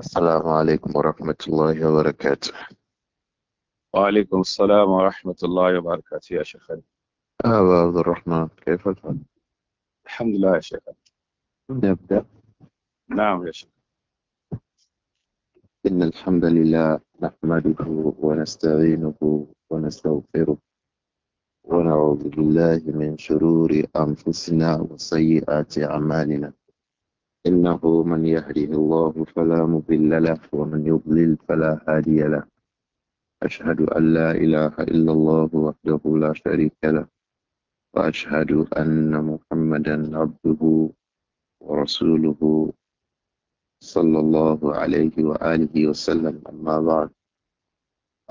السلام عليكم ورحمة الله وبركاته وعليكم السلام ورحمة الله وبركاته يا شيخ أبا عبد الرحمن كيف الحال؟ الحمد لله يا شيخ نبدأ نعم يا شيخ إن الحمد لله نحمده ونستعينه ونستغفره ونعوذ بالله من شرور أنفسنا وسيئات أعمالنا إنه من يهده الله فلا مضل له ومن يضلل فلا هادي له أشهد أن لا إله إلا الله وحده لا شريك له وأشهد أن محمدا عبده ورسوله صلى الله عليه وآله وسلم أما بعد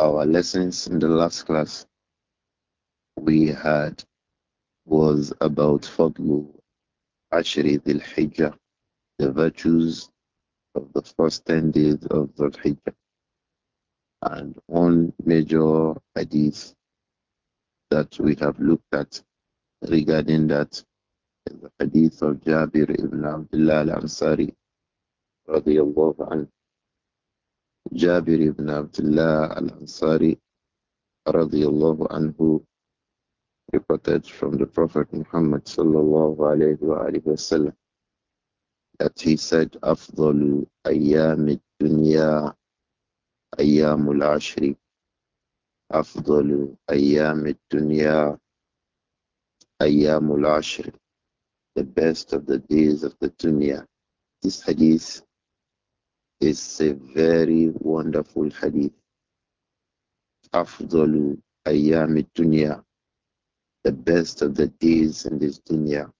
Our lessons in the last class we had was about Fadlu Ashri ذي Hijjah the virtues of the first 10 days of the Hijjah. And one major hadith that we have looked at regarding that is the hadith of Jabir ibn Abdullah al-Ansari radiallahu anhu. Jabir ibn Abdullah al-Ansari radiallahu anhu reported from the Prophet Muhammad sallallahu alayhi wa sallam that he said, Afdol Ayyam Dunya Ayyamul Ashri. Afdol Ayyam Dunya Ayyamul Ashri. The best of the days of the dunya. This hadith is a very wonderful hadith. Afdol Ayyam Dunya. The best of the days in this dunya.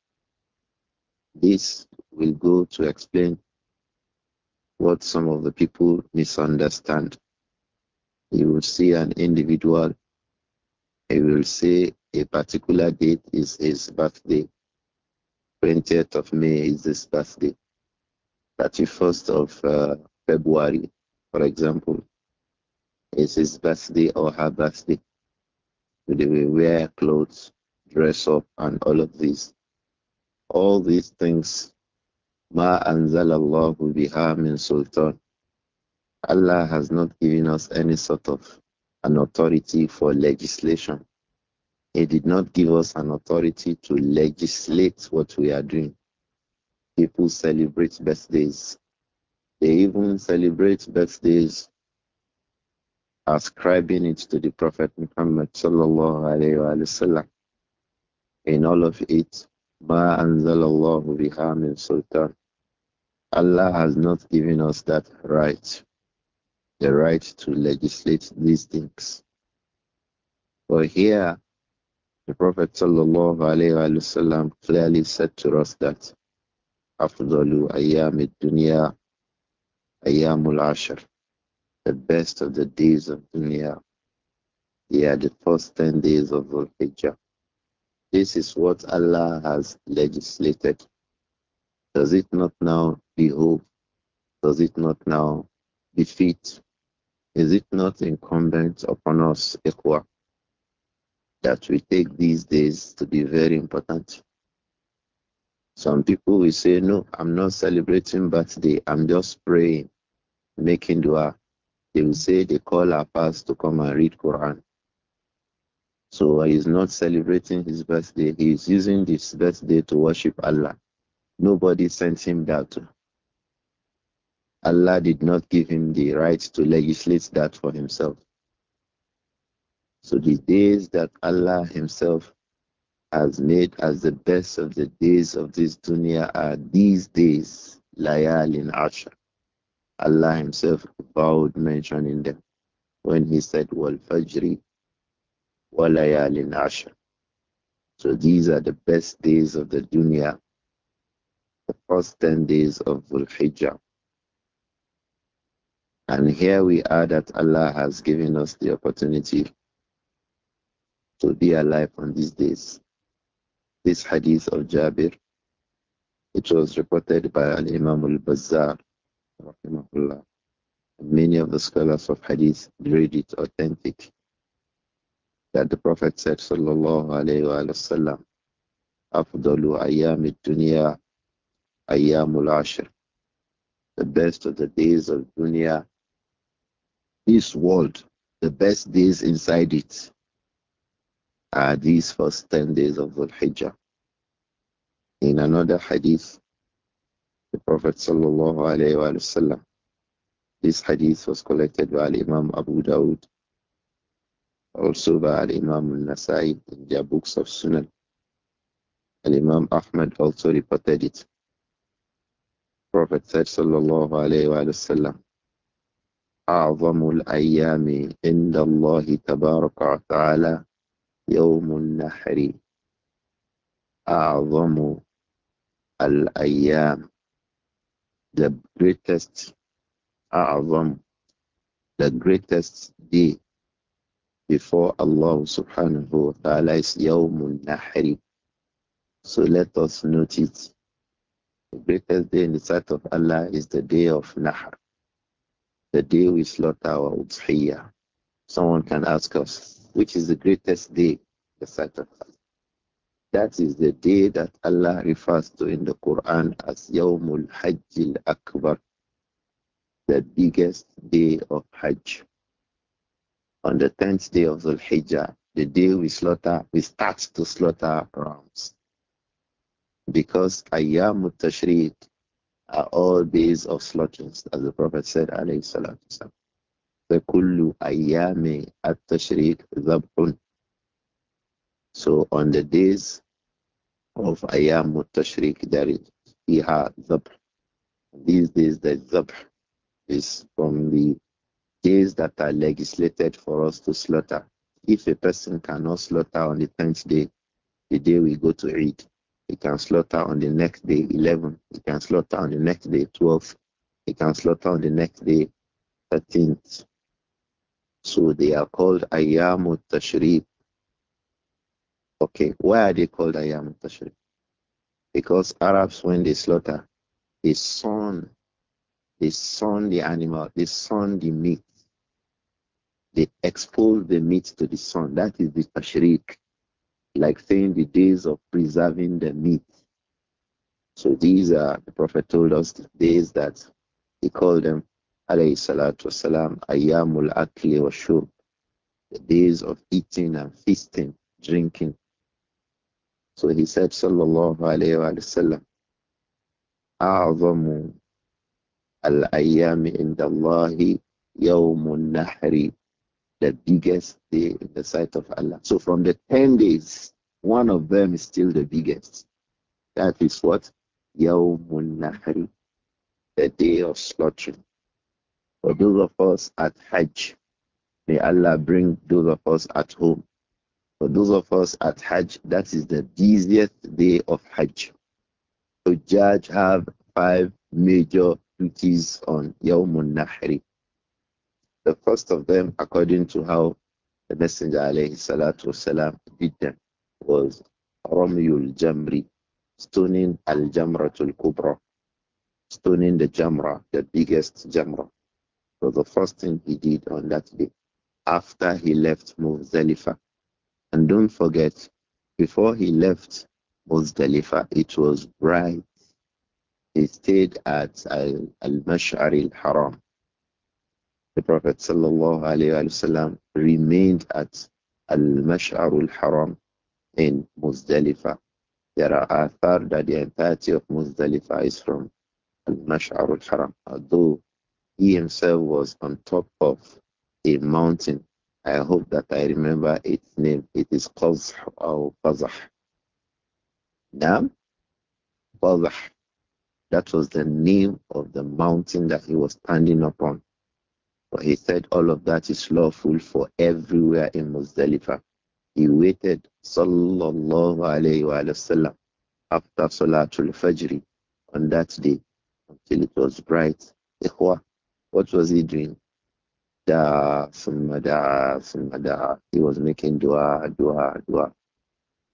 This will go to explain what some of the people misunderstand. You will see an individual, he will say a particular date is his birthday. 20th of May is his birthday. 31st of uh, February, for example, is his birthday or her birthday. So they will wear clothes, dress up, and all of these. All these things Ma anzalallahu biha min sultan. Allah has not given us any sort of an authority for legislation. He did not give us an authority to legislate what we are doing. People celebrate birthdays. They even celebrate birthdays ascribing it to the Prophet Muhammad sallallahu alayhi wasallam. in all of it, ma anzalallahu biha min sultan. Allah has not given us that right, the right to legislate these things. For here, the Prophet وسلم, clearly said to us that "Afdalu ayyam dunya, ayyamul ashar, the best of the days of dunya they the first 10 days of Dhul Hijjah. This is what Allah has legislated does it not now behold? hope? Does it not now defeat? Is it not incumbent upon us, Ikhwa, that we take these days to be very important? Some people will say, No, I'm not celebrating birthday, I'm just praying, making dua. They will say they call our past to come and read Quran. So he's not celebrating his birthday, he is using this birthday to worship Allah. Nobody sent him that. Allah did not give him the right to legislate that for himself. So the days that Allah Himself has made as the best of the days of this dunya are these days, Layal in Asha. Allah Himself vowed mentioning them when He said, Wal Fajri, Walayal in Asha. So these are the best days of the dunya the first 10 days of Dhul Hijjah. And here we are that Allah has given us the opportunity to be alive on these days. This hadith of Jabir, it was reported by Al Imam al Bazzar, Many of the scholars of hadith graded it authentic. That the Prophet said, sallallahu alayhi wa sallam, أفضل أيام Ayyamul Ashr, the best of the days of dunya, this world, the best days inside it are these first 10 days of Dhul Hijjah. In another hadith, the Prophet sallallahu alayhi wasallam, this hadith was collected by Imam Abu Dawud, also by Imam Nasai in their books of Sunan. Al Imam Ahmad also reported it. Prophet said, Sallallahu Alaihi Wasallam, أعظم الأيام عند الله تبارك وتعالى يوم النحر أعظم الأيام the greatest أعظم the greatest day before Allah subhanahu wa ta'ala is يوم النحر so let us note it the greatest day in the sight of Allah is the day of Nahar, the day we slaughter our Udhiyah. Someone can ask us, which is the greatest day in the sight of Allah? That is the day that Allah refers to in the Quran as Yawmul Hajj Akbar, the biggest day of Hajj. On the tenth day of Dhul Hijjah, the day we slaughter, we start to slaughter rams because ayam tashriq are all days of slaughters, as the Prophet said, alayhi salatu فَكُلُّ أَيَّامِ التَّشْرِيكِ ذَبْحٌ So on the days of أيام التشريك there is فيها ذبح These days the ذبح is from the days that are legislated for us to slaughter. If a person cannot slaughter on the tenth day, the day we go to Eid, he can slaughter on the next day 11. He can slaughter on the next day 12. He can slaughter on the next day 13th. So they are called ayamut Tashri. Okay, why are they called ayamut Tashri? Because Arabs, when they slaughter, they sun, they sun the animal, they sun the meat. They expose the meat to the sun. That is the Tashriq like saying the days of preserving the meat. So these are, the Prophet told us the days that he called them, alayhi salatu wasalam, Ayamul akli wa shurb, the days of eating and feasting, drinking. So he said, sallallahu alayhi wa sallam, أعظم الأيام عند الله the biggest day in the sight of Allah. So from the 10 days, one of them is still the biggest. That is what? Yawmun Nahri, the day of slaughtering. For those of us at Hajj, may Allah bring those of us at home. For those of us at Hajj, that is the busiest day of Hajj. So Judge have five major duties on Yawmun Nahri. The first of them, according to how the Messenger والسلام, did them, was Ramyul Jamri, stoning Al Jamratul Kubra, stoning the Jamra, the biggest Jamra. So the first thing he did on that day after he left Muzdalifah. And don't forget, before he left Muzdalifah, it was bright. He stayed at Al Mashari al Haram the Prophet وسلم, remained at Al mashar al Haram in Muzdalifah. There are athar that the entirety of Muzdalifah is from Al mashar al Haram, although he himself was on top of a mountain. I hope that I remember its name. It is Qazh or Qazah. Nam? Qazah. That was the name of the mountain that he was standing upon. But he said all of that is lawful for everywhere in Muzdalifa. He waited, sallallahu alayhi wa sallam, after Salatul Fajr on that day until it was bright. Ikhwa, what was he doing? Da'a, summa da'a, summa da'a. He was making dua, dua, dua.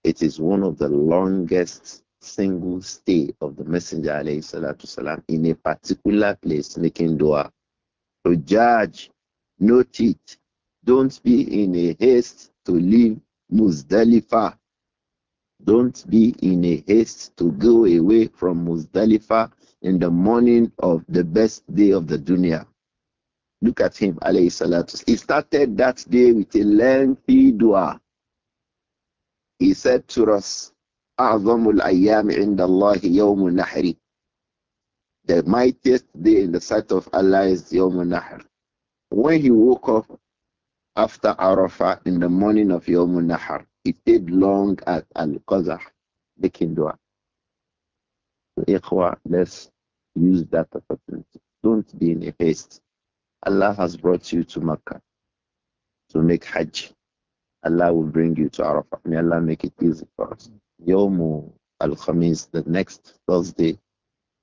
It is one of the longest single stay of the Messenger alayhi salatu salam in a particular place making dua to judge. Note it. Don't be in a haste to leave Muzdalifa. Don't be in a haste to go away from Muzdalifa in the morning of the best day of the dunya. Look at him, alayhi salatu. He started that day with a lengthy dua. He said to us, أعظم الأيام عند الله يوم النحر the mightiest day in the sight of Allah is Yom Nahr. When he woke up after Arafah in the morning of Yom Nahr, he stayed long at Al Qazah, making So, Ikhwa, let's use that opportunity. Don't be in a haste. Allah has brought you to Mecca to make Hajj. Allah will bring you to Arafah. May Allah make it easy for us. Yawmu al-Khamis, the next Thursday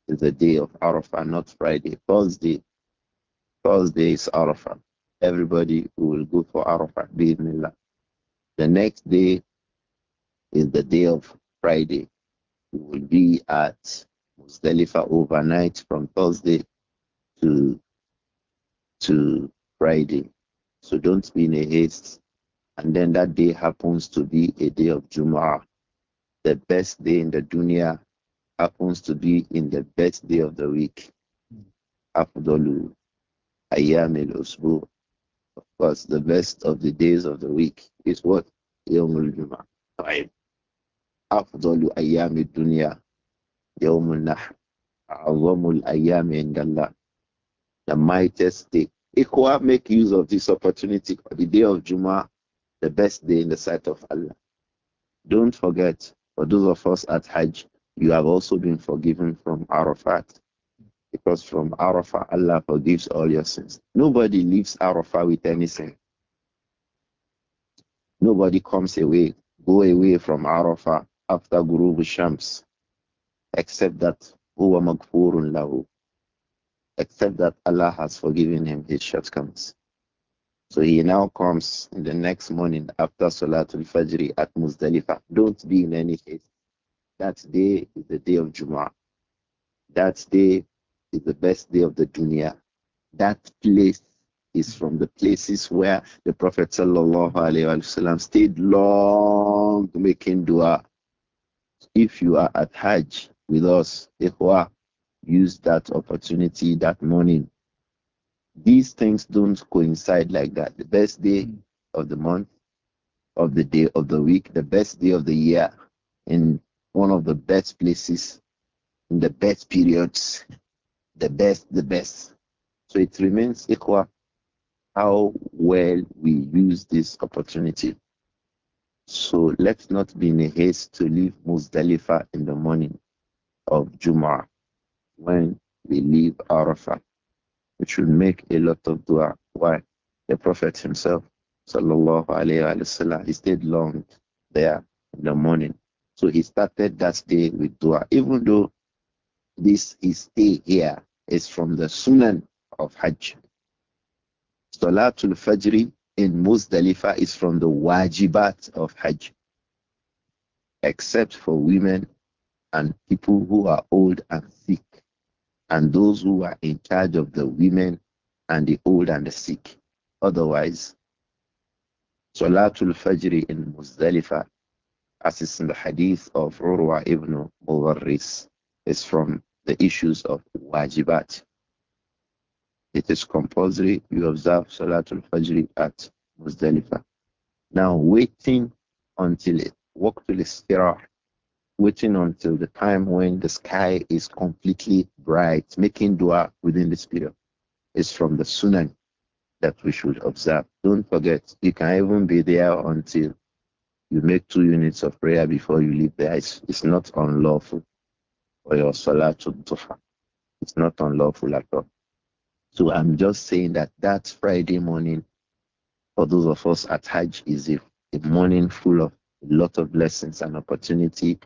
is the day of Arafah, not Friday. Thursday, Thursday is Arafah. Everybody will go for Arafah, Bismillah. The next day is the day of Friday. We will be at Muzdalifah overnight from Thursday to to Friday. So don't be in a haste. And then that day happens to be a day of Jum'ah, the best day in the dunya happens to be in the best day of the week, Afdalu Ayamil Usbu. Of course, the best of the days of the week is what? Yawmul Jum'ah. أفضل أيام الدنيا يوم النحر أعظم الأيام عند الله the mightiest day Equal make use of this opportunity the day of Juma the best day in the sight of Allah don't forget for those of us at Hajj you have also been forgiven from Arafat. Because from Arafat, Allah forgives all your sins. Nobody leaves Arafat with any sin. Nobody comes away, go away from Arafat after Guru Shams, except that huwa maghfurun lahu, except that Allah has forgiven him his shortcomings. So he now comes in the next morning after Salatul Fajr at Muzdalifah. Don't be in any haste. That day is the day of Jum'a. That day is the best day of the dunya. That place is from the places where the Prophet wasallam stayed long making dua. If you are at Hajj with us, Ikhwa, use that opportunity that morning. These things don't coincide like that. The best day hmm. of the month, of the day of the week, the best day of the year in one of the best places, in the best periods, the best, the best. So it remains equal how well we use this opportunity. So let's not be in a haste to leave Muzdalifah in the morning of Jum'ah when we leave Arafah. We should make a lot of dua. Why? The Prophet himself, sallallahu alayhi wa sallam, he stayed long there in the morning. So he started that day with dua, even though this his stay here is from the Sunan of Hajj. Salatul Fajr in Muzdalifa is from the wajibat of Hajj, except for women and people who are old and sick, and those who are in charge of the women and the old and the sick. Otherwise, Salatul Fajr in Muzdalifa as is in the hadith of Urwa ibn Muwarris, is from the issues of wajibat. It is compulsory you observe Salatul Fajr at Muzdalifah. Now waiting until it waqtul istirah, waiting until the time when the sky is completely bright, making dua within this period, is from the sunan that we should observe. Don't forget, you can even be there until you make two units of prayer before you leave there. It's, it's not unlawful for your salah to differ. It's not unlawful at all. So I'm just saying that that Friday morning, for those of us at Hajj, is a, a morning full of a lot of blessings and opportunity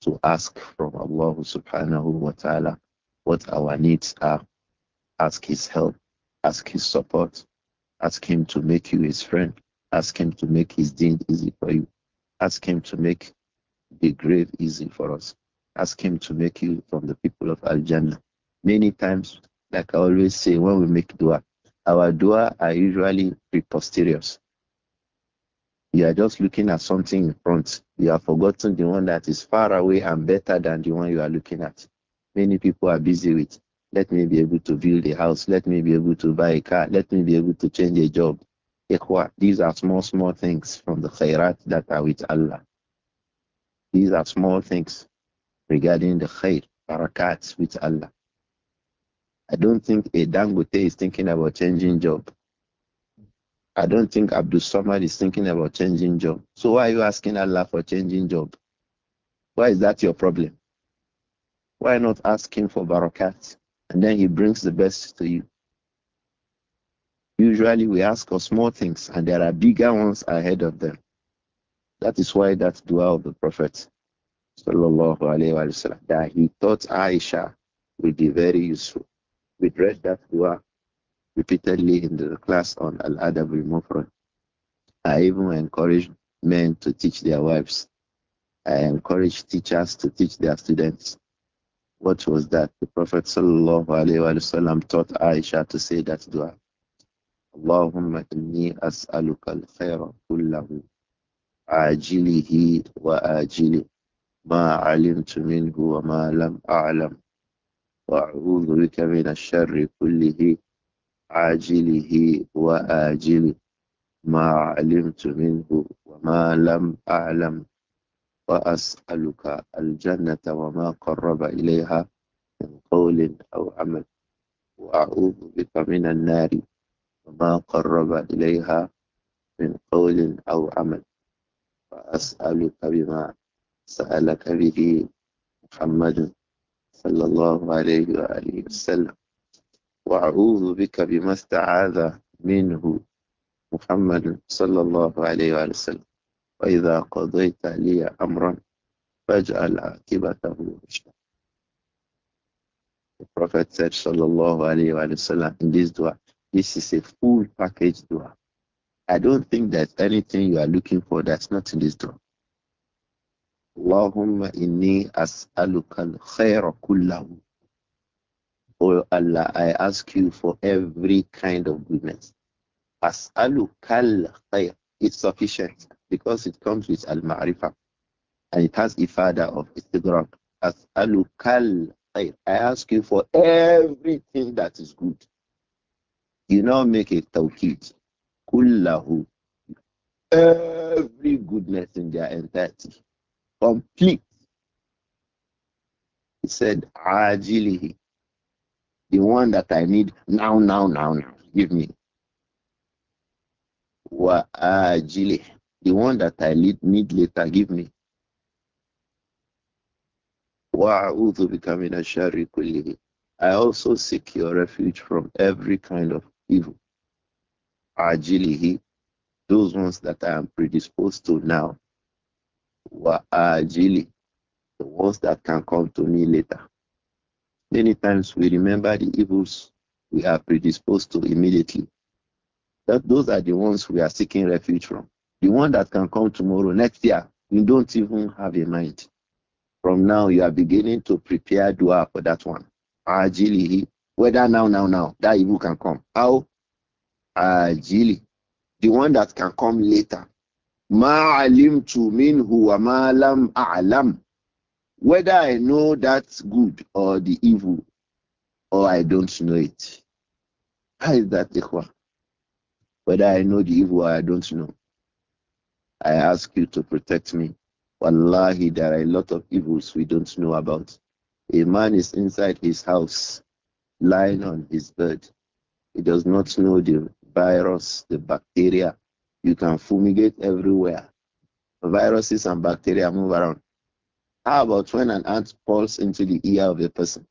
to ask from Allah subhanahu wa ta'ala what our needs are. Ask His help, ask His support, ask Him to make you His friend, ask Him to make His deen easy for you, Ask Him to make the grave easy for us. Ask Him to make you from the people of Al Jannah. Many times, like I always say, when we make dua, our dua are usually preposterous. You are just looking at something in front. You have forgotten the one that is far away and better than the one you are looking at. Many people are busy with, let me be able to build a house, let me be able to buy a car, let me be able to change a job, Ikhwa, these are small, small things from the khairat that are with Allah. These are small things regarding the khair, barakats with Allah. I don't think a Dangote is thinking about changing job. I don't think Abdul Samad is thinking about changing job. So why are you asking Allah for changing job? Why is that your problem? Why not ask him for barakat? And then he brings the best to you. Usually we ask for small things and there are bigger ones ahead of them. That is why that dua of the Prophet وسلم, that he taught Aisha will be very useful. We read that dua repeatedly in the class on Al Adab al Mufrad. I even encourage men to teach their wives. I encourage teachers to teach their students. What was that? The Prophet ﷺ taught Aisha to say that dua. اللهم إني أسألك الخير كله عاجله وآجله ما علمت منه وما لم أعلم وأعوذ بك من الشر كله عاجله وآجله ما علمت منه وما لم أعلم وأسألك الجنة وما قرب إليها من قول أو عمل وأعوذ بك من النار وما قرب إليها من قول أو عمل وأسألك بما سألك به محمد صلى الله عليه وآله وسلم وأعوذ بك بما استعاذ منه محمد صلى الله عليه وآله وسلم وإذا قضيت لي أمرا فاجعل عاقبته رشدا The Prophet said, Sallallahu Alaihi Wasallam, in this dua, This is a full package door. I don't think there's anything you are looking for that's not in this door. Allahumma inni as'aluka al-khayra kullahu. Oh Allah, I ask you for every kind of goodness. As'aluka al-khayr. It's sufficient because it comes with al-ma'rifah and it has ifada of istidrak. As'aluka al-khayr. I ask you for everything that is good. You now make a tawqid. Kullahu. Every goodness in their entirety. Complete. He said, Ajilihi. The one that I need now, now, now, now. Give me. Wa ajilihi. The one that I need later, give me. وأعوذ بك becoming a كله I also seek your refuge from every kind of evil. he, those ones that I am predisposed to now. were ajili, the ones that can come to me later. Many times we remember the evils we are predisposed to immediately. That those are the ones we are seeking refuge from. The one that can come tomorrow, next year, we don't even have a mind. From now, you are beginning to prepare dua for that one. he. Whether now, now, now, that evil can come. How? jili, The one that can come later. Ma alim to minhu who ma lam a'lam. Whether I know that's good or the evil, or I don't know it. How is that ikhwa? Whether I know the evil or I don't know. I ask you to protect me. Wallahi, there are a lot of evils we don't know about. A man is inside his house lying on his bed. He does not know the virus, the bacteria. You can fumigate everywhere. Viruses and bacteria move around. How about when an ant crawls into the ear of a person?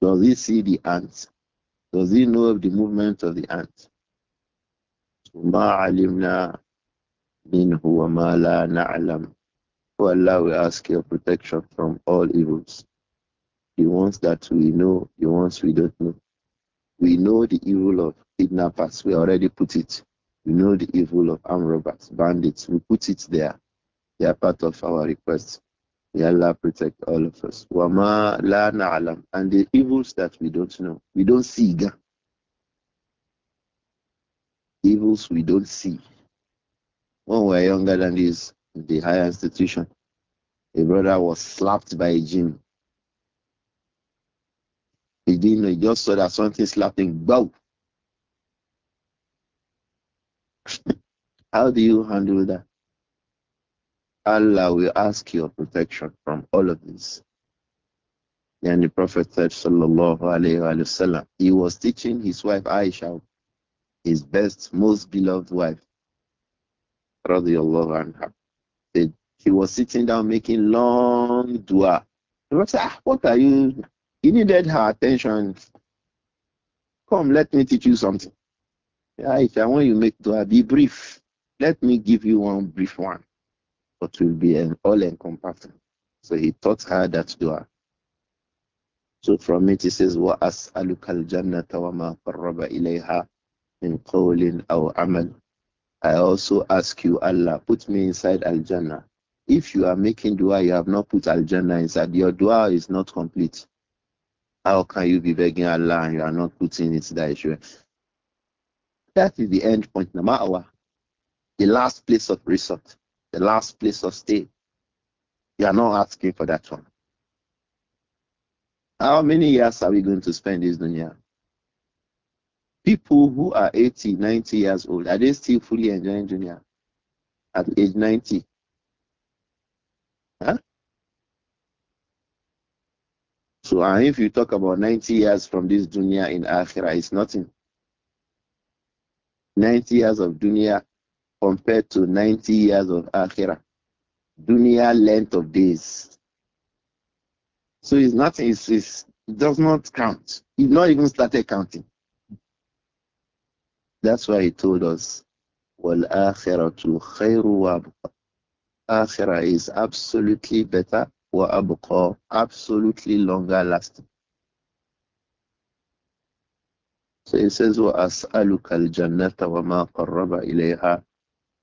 Does he see the ants? Does he know of the movement of the ant? Oh Allah, we ask your protection from all evils the ones that we know, the ones we don't know. We know the evil of kidnappers, we already put it. We know the evil of armed robbers, bandits, we put it there. They are part of our request. May Allah protect all of us. Wama la And the evils that we don't know, we don't see again. Evils we don't see. When we are younger than this, the higher institution, a brother was slapped by a gym beginning, he just saw that something slapping. Bow. How do you handle that? Allah will ask your protection from all of this. And the Prophet said, Sallallahu Alaihi Wasallam, he was teaching his wife Aisha, his best, most beloved wife, Radiallahu Anha. Said, he was sitting down making long dua. The Prophet said, ah, What are you he needed her attention. Come, let me teach you something. Yeah, if I want you make dua, be brief. Let me give you one brief one, but will be an all-encompassing. So he taught her that dua. So from it he says, "Wa as al-jannata wa ma ilayha min qawlin aw amal." I also ask you, Allah, put me inside al-jannah. If you are making dua, you have not put al-jannah inside. Your dua is not complete. How can you be begging Allah and you are not putting it that issue? That is the end point, Nama'awa. The last place of resort, the last place of stay. You are not asking for that one. How many years are we going to spend this dunya? People who are 80, 90 years old, are they still fully enjoying dunya at age 90? Huh? So and if you talk about 90 years from this dunya in Akhirah, it's nothing. 90 years of dunya compared to 90 years of Akhirah. Dunya length of days. So it's nothing, it's, it's, it does not count. It's not even started counting. That's why he told us, وَالْآخِرَةُ خَيْرُ وَابْقَى Akhirah is absolutely better wa abqa, absolutely longer lasting. So it says, وَأَسْأَلُكَ الْجَنَّةَ وَمَا قَرَّبَ إِلَيْهَا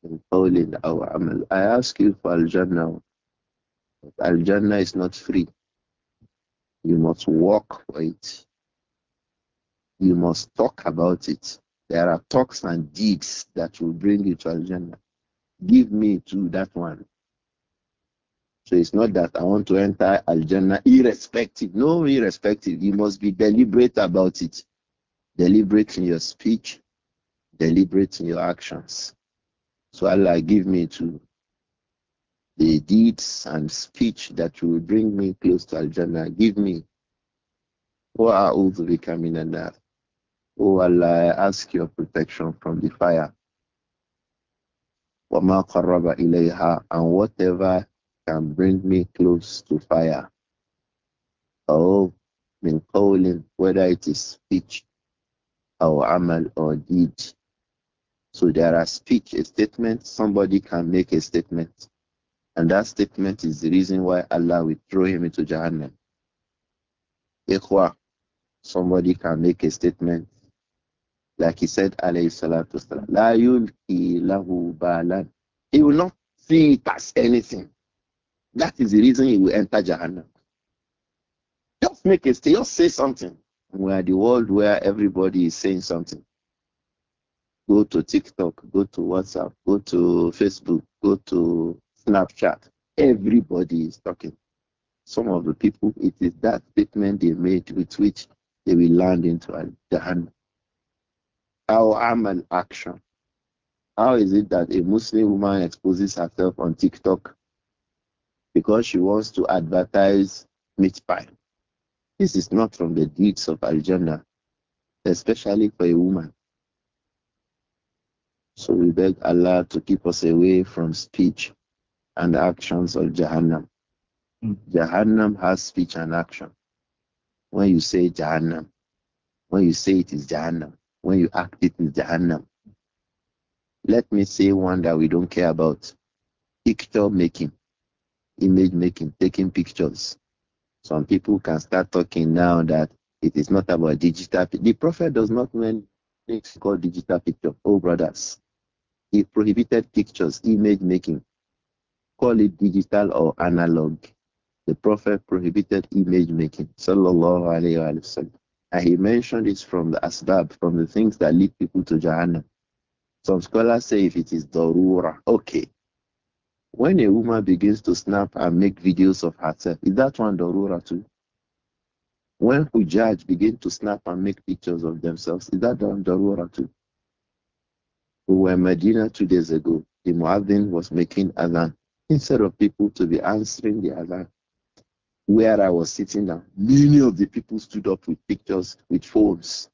مِنْ قَوْلٍ أَوْ عَمَلٍ I ask you for Al-Jannah. But Al-Jannah is not free. You must work for it. You must talk about it. There are talks and deeds that will bring you to Al-Jannah. Give me to that one. So it's not that I want to enter Al Jannah irrespective. No, irrespective. You must be deliberate about it. Deliberate in your speech, deliberate in your actions. So Allah give me to the deeds and speech that will bring me close to Al Jannah. Give me. Oh Allah, I ask your protection from the fire. وَمَا And whatever can bring me close to fire. Oh, min calling whether it is speech or amal or deed. So there are speech, a statement, somebody can make a statement. And that statement is the reason why Allah will throw him into Jahannam. Ikhwa, somebody can make a statement. Like he said, alayhi la yulki lahu balan. He will not see it as anything. That is the reason he will enter Jahannam. Just make a statement. just say something. We are the world where everybody is saying something. Go to TikTok, go to WhatsApp, go to Facebook, go to Snapchat. Everybody is talking. Some of the people, it is that statement they made with which they will land into Jahannam. How arm action. How is it that a Muslim woman exposes herself on TikTok because she wants to advertise meat pie. This is not from the deeds of Al Jannah, especially for a woman. So we beg Allah to keep us away from speech and actions of Jahannam. Mm. Jahannam has speech and action. When you say Jahannam, when you say it is Jahannam, when you act it is Jahannam. Let me say one that we don't care about. Picture making image making, taking pictures. Some people can start talking now that it is not about digital. The Prophet does not mean it's called digital picture. Oh, brothers, he prohibited pictures, image making. Call it digital or analog. The Prophet prohibited image making. Sallallahu alayhi wasallam. and he mentioned this from the asbab, from the things that lead people to Jahannam. Some scholars say if it is darura, okay, when a woman begins to snap and make videos of herself, is that one Dorura too? When Hujjaj begin to snap and make pictures of themselves, is that one Dorura too? We were in Medina two days ago. The Muadhin was making adhan. Instead of people to be answering the adhan, where I was sitting down, many of the people stood up with pictures, with phones,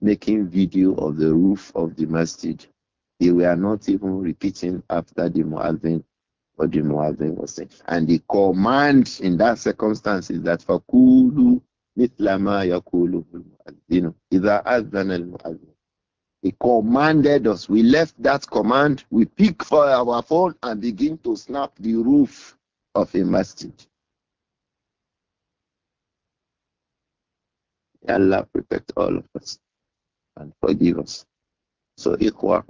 making video of the roof of the masjid they were not even repeating after the Mu'adhin what the Mu'adhin was saying. And the command in that circumstance is that فَقُولُوا مِثْلَ مَا يَقُولُهُ الْمُؤَذِّنُ إِذَا أَذَّنَ الْمُؤَذِّنُ He commanded us. We left that command. We pick for our phone and begin to snap the roof of a masjid. Allah protect all of us and forgive us. So, Ikhwa,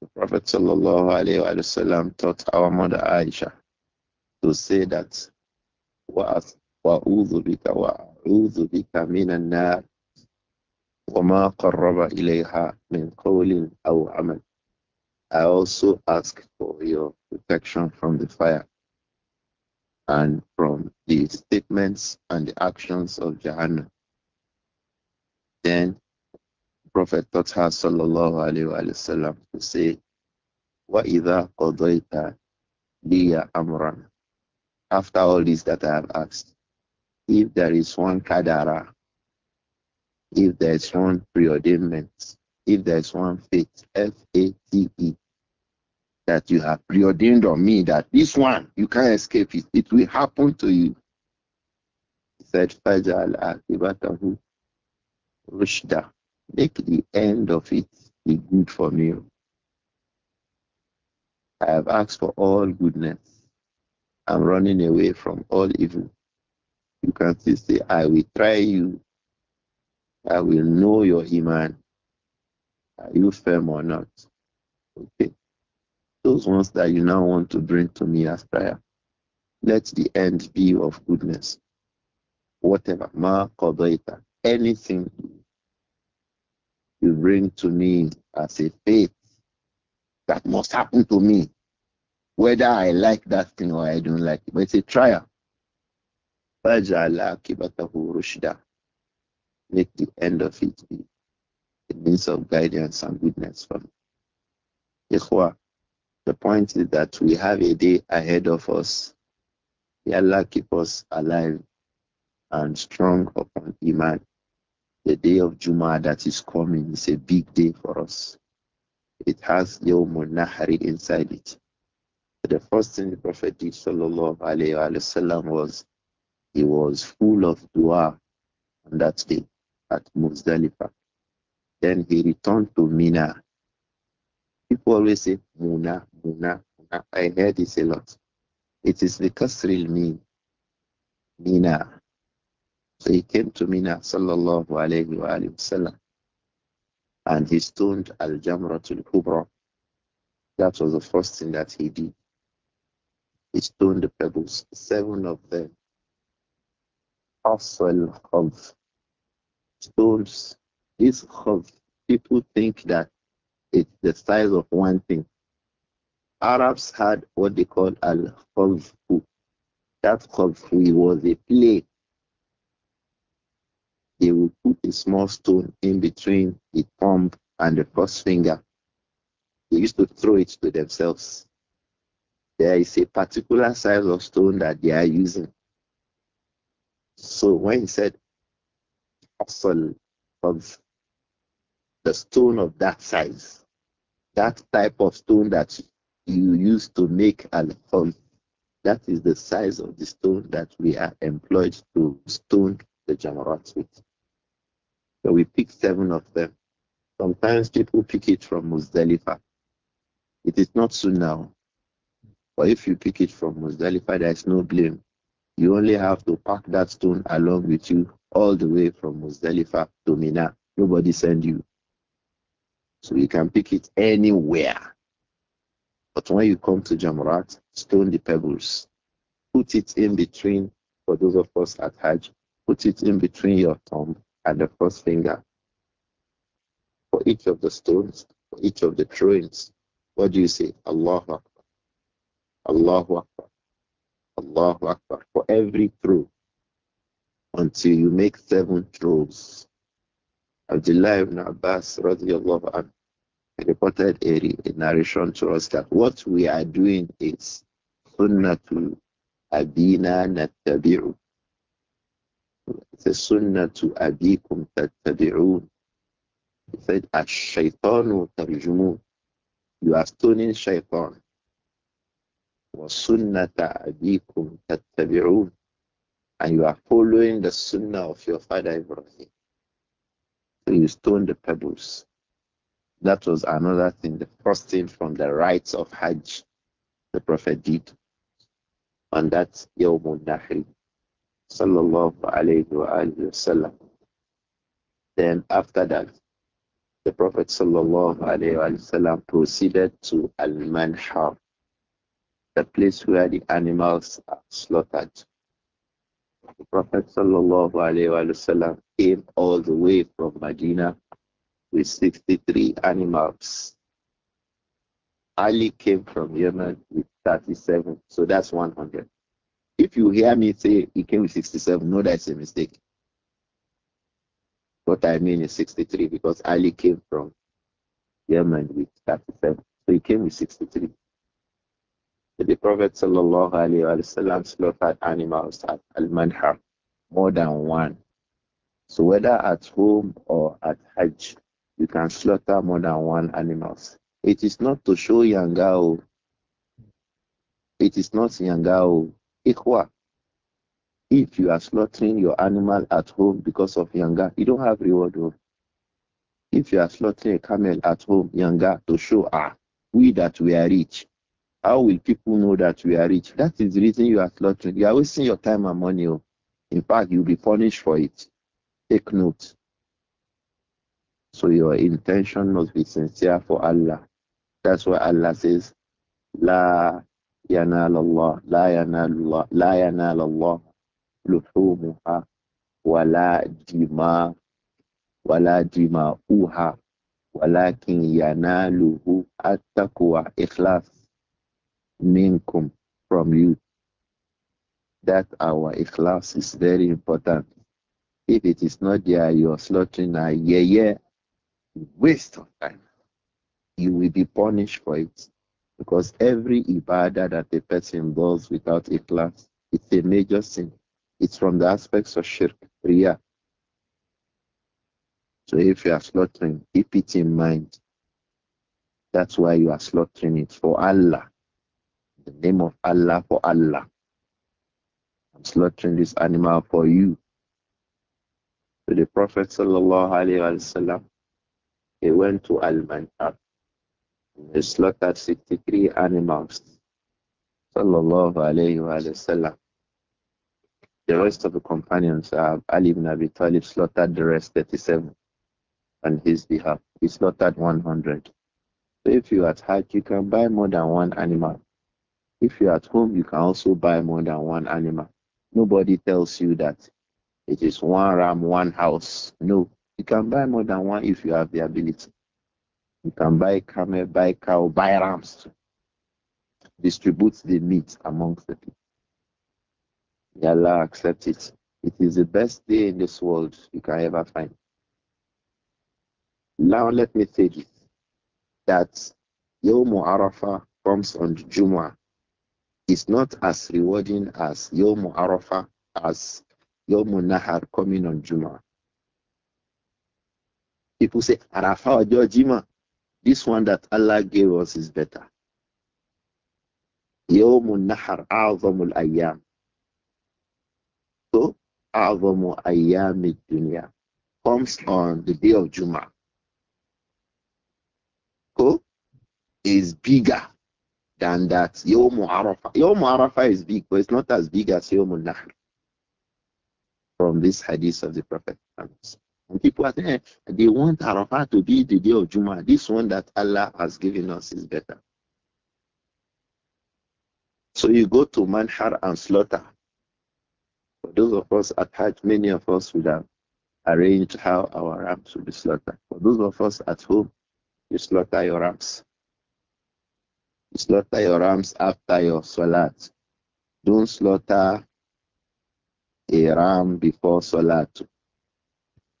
the Prophet وسلم, taught our mother Aisha to say that وأعوذ بك وأعوذ بك من النار وما قرب إليها من قول أو عمل I also ask for your protection from the fire and from the statements and the actions of Jahannam. Then Prophet taught her sallallahu alayhi wa sallam to say, وَإِذَا قَضَيْتَ لِيَ أَمْرًا After all this that I have asked, if there is one kadara, if there is one preordainment, if there is one fate, F-A-T-E, that you have preordained on me, that this one, you can't escape it, it will happen to you. He said, فَجَعَلْ عَقِبَتَهُ رُشْدًا Make the end of it be good for me. I have asked for all goodness. I'm running away from all evil. You can still say, I will try you. I will know your iman. Are you firm or not? Okay. Those ones that you now want to bring to me as prayer, let the end be of goodness. Whatever, ma qadayta, anything you bring to me as a faith that must happen to me, whether I like that thing or I don't like it. But it's a trial. Make the end of it be a means of guidance and goodness for me. The point is that we have a day ahead of us. May Allah keep us alive and strong upon Iman. The day of Juma that is coming is a big day for us. It has Yawmun Nahari inside it. The first thing the Prophet did sallallahu alayhi wa sallam was he was full of dua on that day at Muzdalifah. Then he returned to Mina. People always say Muna, Muna, Muna. I hear this a lot. It is because real mean Mina. So he came to Mina, sallallahu alayhi wa, alayhi wa sallam, and he stoned Al Jamratul Kubra. That was the first thing that he did. He stoned the pebbles, seven of them. Asal of stones. This of people think that it's the size of one thing. Arabs had what they call al khawfu. That khawfu was a plate they will put a small stone in between the thumb and the first finger. They used to throw it to themselves. There is a particular size of stone that they are using. So when he said, Asal of the stone of that size, that type of stone that you use to make al that is the size of the stone that we are employed to stone the jamarat with. So we pick seven of them. Sometimes people pick it from Muzdalifa. It is not now, But if you pick it from Muzdalifa, there is no blame. You only have to pack that stone along with you all the way from Muzdalifa to Mina. Nobody send you. So you can pick it anywhere. But when you come to Jamrat, stone the pebbles. Put it in between for those of us at Hajj Put it in between your thumb and the first finger. For each of the stones, for each of the throws, what do you say? Allahu Akbar. Allahu Akbar. Allahu Akbar. For every throw until you make seven throws. Abdullah ibn Abbas radiallahu anhu reported a, a narration to us that what we are doing is Sunnatul abina natabi'u the sunnah to abikum tattabi'un. He said, Ash-shaytanu tarjumun. You are stoning shaytan. وَسُنَّةَ أَبِيكُمْ تَتَّبِعُونَ And you are following the sunnah of your father Ibrahim. So you stone the pebbles. That was another thing, the first thing from the rites of Hajj the Prophet did. And that's Yawmul Nahri sallallahu alayhi wa Then after that, the Prophet sallallahu alayhi wasallam proceeded to Al-Manhar, the place where the animals are slaughtered. The Prophet sallallahu alayhi wasallam came all the way from Medina with 63 animals. Ali came from Yemen with 37, so that's 100. If you hear me say he came with 67, no, that's a mistake. What I mean is 63 because Ali came from Yemen with 37. So he came with 63. So the Prophet sallallahu wasallam slaughtered animals at Al Manhar, more than one. So whether at home or at Hajj, you can slaughter more than one animals. It is not to show Yangao. It is not Yangao. Ikwa. if you are slaughtering your animal at home because of yanga, you don't have reward. Oh. If you are slaughtering a camel at home, yanga, to show, ah, we that we are rich. How will people know that we are rich? That is the reason you are slaughtering. You are wasting your time and money. Oh. In fact, you'll be punished for it. Take note. So your intention must be sincere for Allah. That's why Allah says, La ينال الله لا ينال الله لا ينال الله لحومها ولا دماء ولا دماؤها ولكن يناله التقوى إخلاص منكم from you that our ikhlas is very important if it is not there you are slaughtering a yeah yeah waste of time you will be punished for it because every ibadah that a person does without a class, it's a major sin. It's from the aspects of shirk, riyah. So if you are slaughtering, keep it in mind. That's why you are slaughtering it for Allah. the name of Allah for Allah. I'm slaughtering this animal for you. So the Prophet sallallahu alaihi wasallam, he went to Al-Mantab. He slaughtered 63 animals. Sallallahu alayhi wa sallam. The rest of the companions, uh, Ali ibn Abi Talib, slaughtered the rest 37 on his behalf. He slaughtered 100. So if you at Hajj, you can buy more than one animal. If you're at home, you can also buy more than one animal. Nobody tells you that it is one ram, one house. No, you can buy more than one if you have the ability. You can buy camel, buy cow, buy rams. Distribute the meat amongst the people. Allah accept it. It is the best day in this world you can ever find. Now let me say this that Yom Arafah comes on Juma is not as rewarding as Yom Arafah as Yom Nahar coming on Juma. People say Arafah or Jima. This one that Allah gave us is better. يوم النحر أعظم الأيام. So أعظم أيام الدنيا comes on the day of Juma. So is bigger than that. Yom Arafah. Yom Arafah is big, but it's not as big as Yom Nahr. From this hadith of the Prophet. And people are saying eh, they want Arafat to be the day of Juma. This one that Allah has given us is better. So you go to Manhar and slaughter. For those of us at Hajj, many of us would have arranged how our rams will be slaughtered. For those of us at home, you slaughter your rams. You slaughter your rams after your salat. Don't slaughter a ram before salat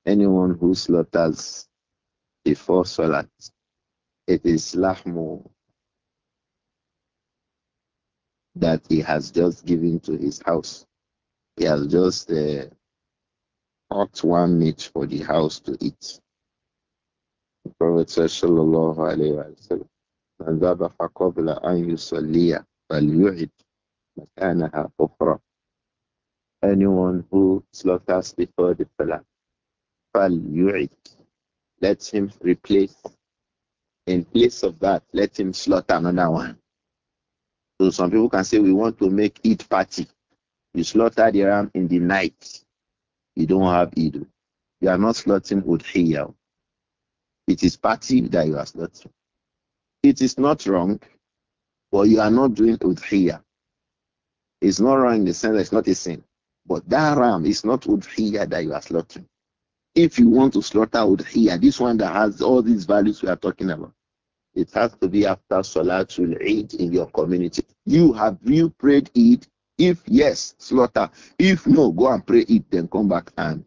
anyone who slaughters before Salat, it is Lahmu that he has just given to his house. He has just uh, one meat for the house to eat. The Prophet said, Sallallahu Alaihi Wasallam, من ذبح قبل أن يصلي فليعد مكانها أخرى. Anyone who slaughters before the Salat, فَلْيُعِدْ Let him replace. In place of that, let him slaughter another one. So some people can say, we want to make it party. You slaughter the ram in the night. You don't have Eid. You are not slaughtering Udhiyah. It is party that you are slaughtering. It is not wrong, but you are not doing Udhiyah. It's not wrong in the sense that it's not a sin. But that ram is not Udhiyah that you are slaughtering if you want to slaughter here, this one that has all these values we are talking about, it has to be after Salatul Eid in your community. You have you prayed Eid? If yes, slaughter. If no, go and pray it, then come back and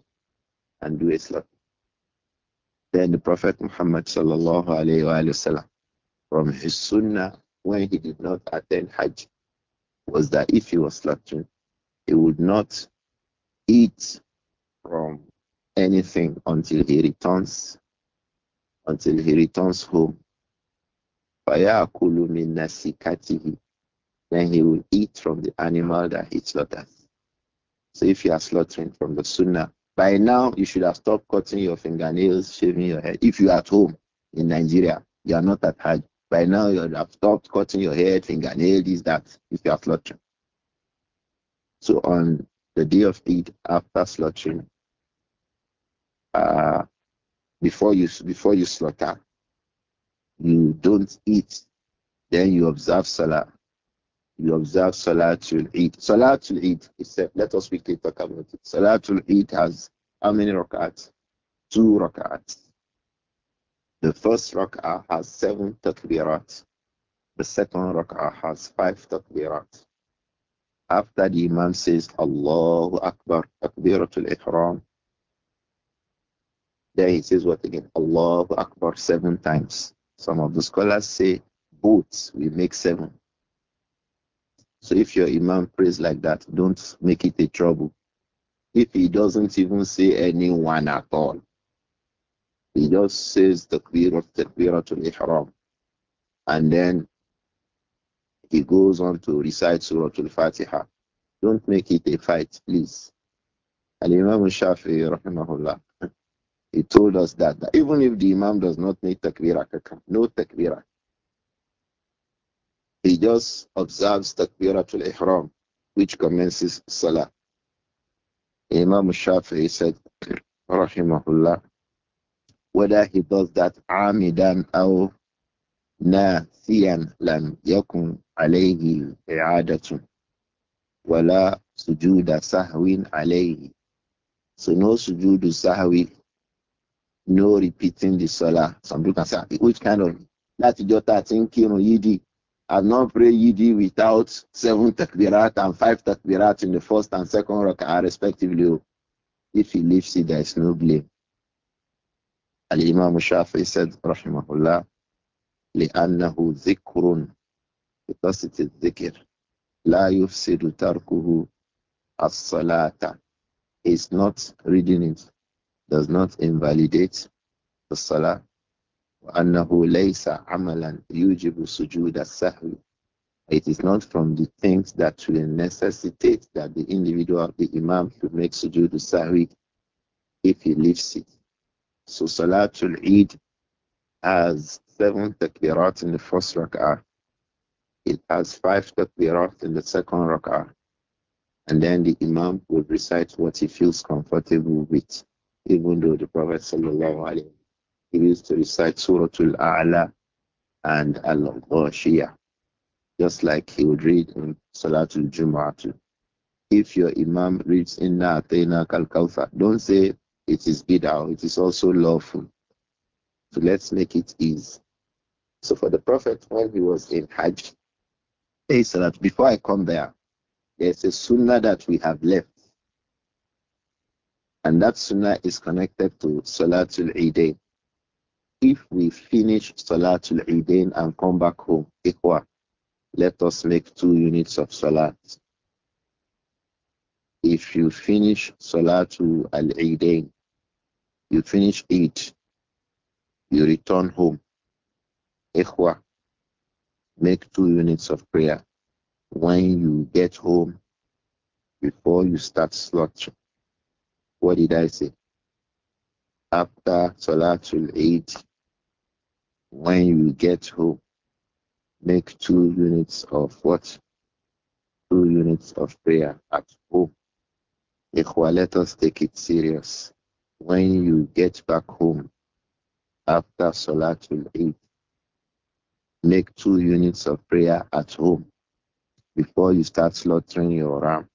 and do a slaughter. Then the Prophet Muhammad sallallahu alayhi wa, from his sunnah when he did not attend Hajj was that if he was slaughtering, he would not eat from anything until he returns, until he returns home. Then he will eat from the animal that he slaughters. So if you are slaughtering from the sunnah, by now you should have stopped cutting your fingernails, shaving your head. If you are at home in Nigeria, you are not at Hajj. By now you have stopped cutting your head, fingernails. this, that, if you are slaughtering. So on the day of Eid, after slaughtering, uh, before you before you slaughter, you don't eat. Then you observe salah. You observe salah to eat. Salah to eat. let us quickly talk about it. Salah to eat has how many rak'at? Two rak'at. The first rak'ah has seven takbirat. The second rak'ah has five takbirat. After the Imam says Allahu Akbar, takbiratul ihram, there he says what again? Allah Akbar seven times. Some of the scholars say both we make seven. So if your imam prays like that, don't make it a trouble. If he doesn't even say anyone at all, he just says the Takbiratul Ihram. And then he goes on to recite Surah Al-Fatiha. Don't make it a fight, please. Al-Imam Shafi, rahimahullah, he told us that, that even if the Imam does not make takbir akakam, no takbir he just observes takbiratul ihram, which commences salah. Imam Shafi'i said, rahimahullah, whether he does that amidan aw nathiyan lam yakun alayhi i'adatun wala sujuda sahwin alayhi. So no sujudu sahwi no repeating the salah. Some people can say, ah, which kind of that your tá a ti ń yídì I've not prayed yídì without seven takbirat and five takbirat in the first and second rak'ah respectively. Oh. If he leaves it, there is no blame. Al-Imam Shafi said, rahimahullah, لأنه ذكر because it is ذكر لا يفسد تركه الصلاة. He's not reading it does not invalidate the salah. وأنه ليس عملا يوجب سجود السهو it is not from the things that will necessitate that the individual, the imam, should make sujood sahwi if he leaves it. So Salatul Eid has seven takbirat in the first rak'ah. It has five takbirat in the second rak'ah. And then the imam will recite what he feels comfortable with even though the Prophet sallallahu he used to recite Suratul A'la and al Shia, just like he would read in Salatul Jumu'ah. If your Imam reads Inna Atayna Kal don't say it is bid'ah, it is also lawful. So let's make it easy. So for the Prophet, when he was in Hajj, he said that before I come there, there's a sunnah that we have left. And that sunnah is connected to Salatul Eidain. If we finish Salatul Eidain and come back home, Ikhwa, let us make two units of Salat. If you finish Salatul Al-Eidain, you finish it, you return home, Ikhwa, make two units of prayer. When you get home, before you start slaughtering, what did I say? After Salatul Eid, when you get home, make two units of what? Two units of prayer at home. Ikhwa, let us take it serious. When you get back home after Salatul Eid, make two units of prayer at home before you start slaughtering your ram.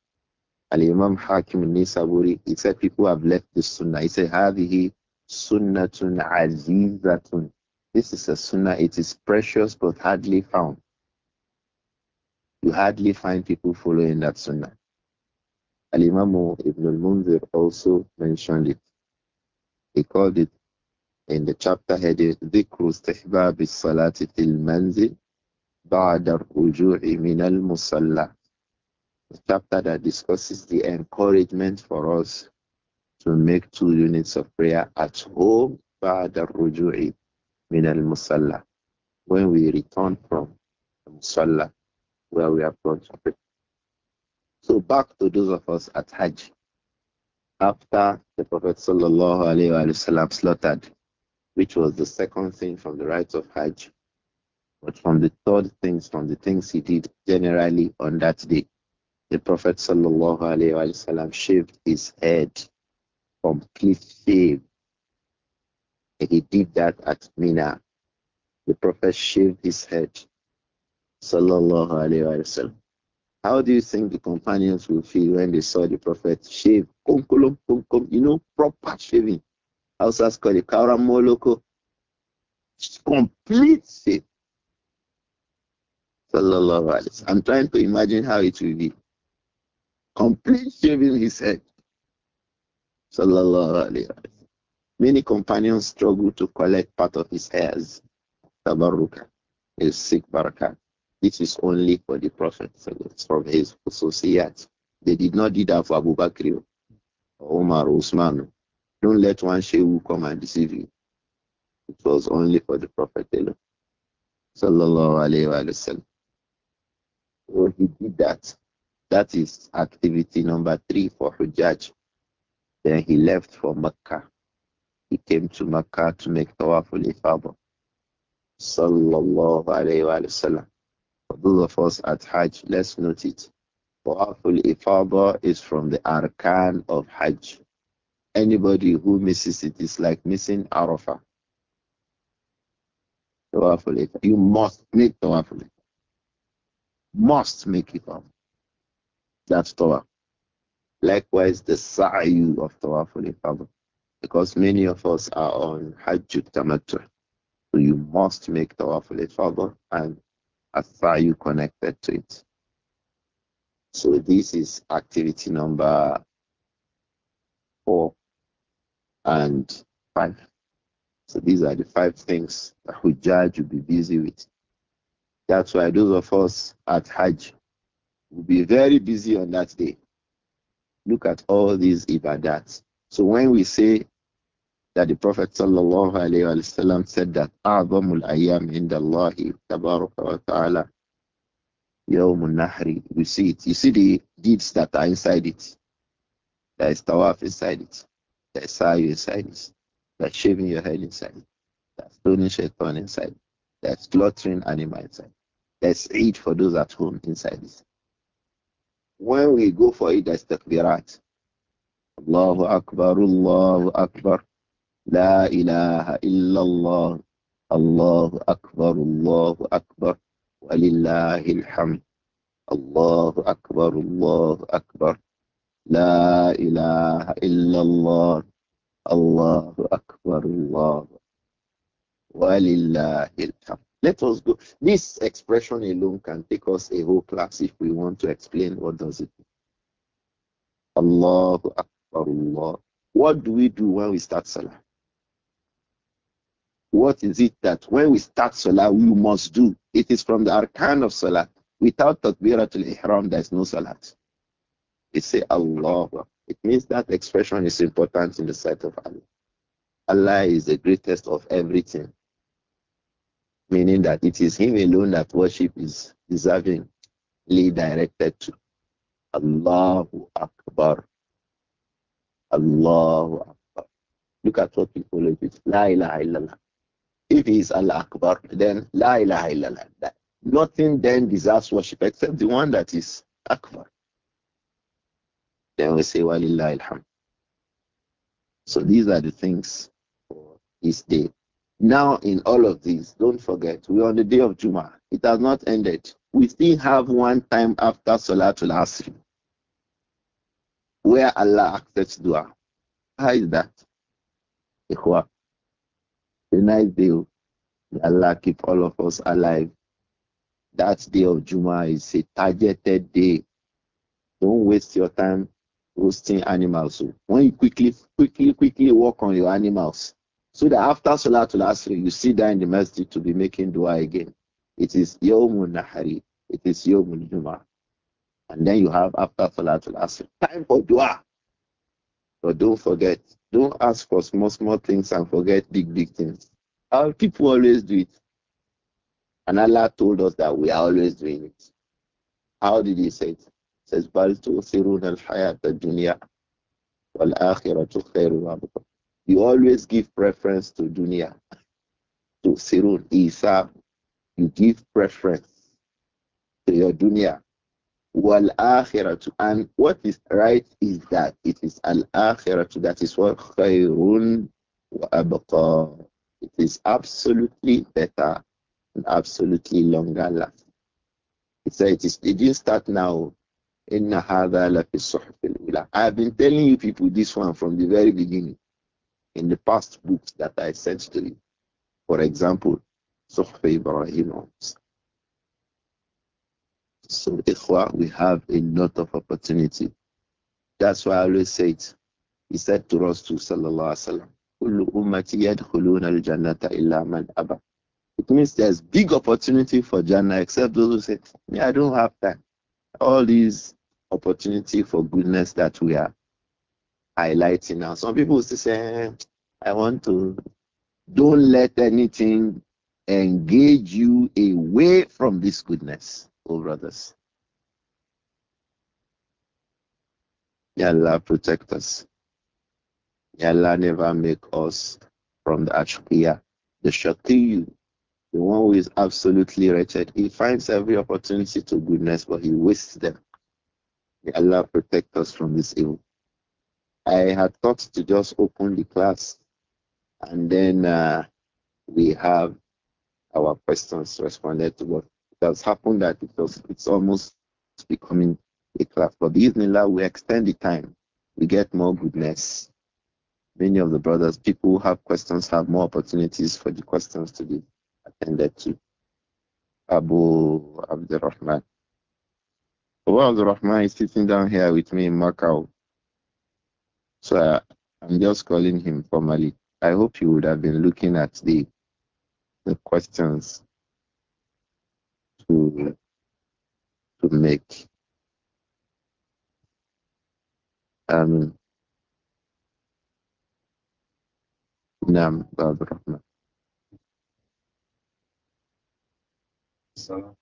Al Imam Hakim Nisaburi, he said people have left the Sunnah. He said, Hadihi Sunnatun Azizatun. This is a Sunnah, it is precious but hardly found. You hardly find people following that Sunnah. Al Imam Ibn al Munzir also mentioned it. He called it in the chapter headed ذكر استحباب الصلاة في المنزل بعد الرجوع من المصلى chapter that discusses the encouragement for us to make two units of prayer at home ba'da ruju'i min al-musalla when we return from the musalla where we are going to pray. So back to those of us at Hajj after the Prophet sallallahu wasallam slaughtered, which was the second thing from the rites of Hajj, but from the third things from the things he did generally on that day the Prophet وسلم, shaved his head, complete shave. He did that at Mina. The Prophet shaved his head. Sallallahu alayhi How do you think the companions will feel when they saw the Prophet shave? Kunkulum, kunkum, you know, proper shaving. Houses called? The karamoloko, Complete shave. Sallallahu I'm trying to imagine how it will be. Complete shaving his head. Sallallahu alayhi wa Many companions struggle to collect part of his hairs. Tabarruka. His sick barakah. This is only for the Prophet. from his associates. They did not do that for Abu Bakr or Umar or Usman. Don't let one Shehu come and deceive you. It was only for the Prophet alone. Sallallahu alayhi wa sallam. So he did that that is activity number three for Hujjaj. Then he left for Mecca. He came to Mecca to make Tawaf al-Ifaba. Sallallahu alayhi wa sallam. For those of us at Hajj, let's note it. Tawaf al-Ifaba is from the Arkan of Hajj. Anybody who misses it is like missing Arafah. Tawaf al You must make Tawaf al Must make it up. That's tawaf. Likewise, the saiyu of tawaf the father, Because many of us are on hajj tamattu. So you must make tawaf the father and as saiyu connected to it. So this is activity number four and five. So these are the five things that Hujjaj will be busy with. That's why those of us at Hajj, We'll be very busy on that day. Look at all these ibadats. So when we say that the Prophet sallallahu alayhi wasallam said that أعظم الأيام عند الله تبارك وتعالى يوم النحر we see it you see the deeds that are inside it there is tawaf inside it there is sayu inside it there is shaving your head inside it there is stoning shaitan inside it there is slaughtering animal inside it there is eat for those at home inside it when we go for it, that's takbirat. Allahu Akbar, Allahu Akbar. La ilaha illallah. Allahu Akbar, Allahu Akbar. Walillahi alhamd. Allahu Akbar, Allahu Akbar. La ilaha illallah. Allahu Akbar, Allahu Walillahi alhamd. Let us go. This expression alone can take us a whole class if we want to explain what does it mean. Allahu Akbar Allah. What do we do when we start Salah? What is it that when we start Salah we must do? It is from the arkan of Salah. Without Takbiratul Ihram, there is no Salah. They say Allah. It means that expression is important in the sight of Allah. Allah is the greatest of everything meaning that it is Him alone that worship is deservingly directed to. Allahu Akbar. Allahu Akbar. Look at what people do. La ilaha illallah. If he is Allah Akbar, then La ilaha illallah. That nothing then deserves worship except the one that is Akbar. Then we say Walillah ilham. So these are the things for this day. Now, in all of this, don't forget, we're on the day of Juma. It has not ended. We still have one time after Salatul Asr where Allah accepts dua. How is that? Ikhwa. A nice deal. Oh. Allah keep all of us alive. That day of Juma is a targeted day. Don't waste your time roasting animals. Oh. When you quickly, quickly, quickly work on your animals, so that after Salatul Asr, you sit down in the masjid to be making dua again. It is Yawmul Nahari. It is Yawmul Jum'ah. And then you have after Salatul Asr, time for dua. But don't forget, don't ask for small, small things and forget big, big things. Our people always do it. And Allah told us that we are always doing it. How did he say it? He says, بَلْ تُؤْثِرُونَ الْحَيَاةَ الدُّنْيَا وَالْآخِرَةُ خَيْرٌ وَأَبْقَى you always give preference to dunya, to sirun, isa. You give preference to your dunya. Wal akhiratu. And what is right is that it is al akhiratu. That is what khayrun wa abqa. It is absolutely better and absolutely longer life. It said it is. It didn't start now. Inna nahada la I've been telling you people this one from the very beginning in the past books that I sent to you. For example, Suhfa Ibrahim. So, Ikhwa, we have a lot of opportunity. That's why I always say it. He said to us, to Sallallahu Alaihi Wasallam, It means there's big opportunity for Jannah, except those who say, yeah, I don't have time. All these opportunity for goodness that we are highlighting now. Some people still say, I want to, don't let anything engage you away from this goodness, oh brothers. May Allah protect us. May Allah never make us from the Ashqiya, the Shaqiyu, the one who is absolutely wretched. He finds every opportunity to goodness, but he wastes them. May Allah protect us from this evil. I had thought to just open the class and then uh, we have our questions responded to what has happened that it was it's almost becoming a class. But Bismillah, we extend the time. We get more goodness. Many of the brothers, people who have questions have more opportunities for the questions to be attended to. Abu Abdurrahman. Abu Abdurrahman is sitting down here with me in Macau. So uh, I'm just calling him formally. I hope you would have been looking at the the questions to to make. Um, نعم عبد الرحمن السلام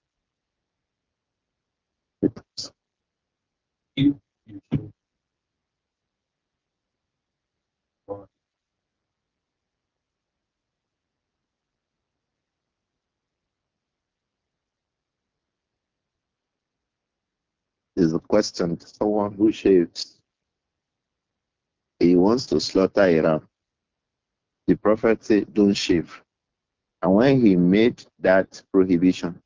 is the question to someone who shaves. He wants to slaughter a ram. The Prophet said, Don't shave. And when he made that prohibition,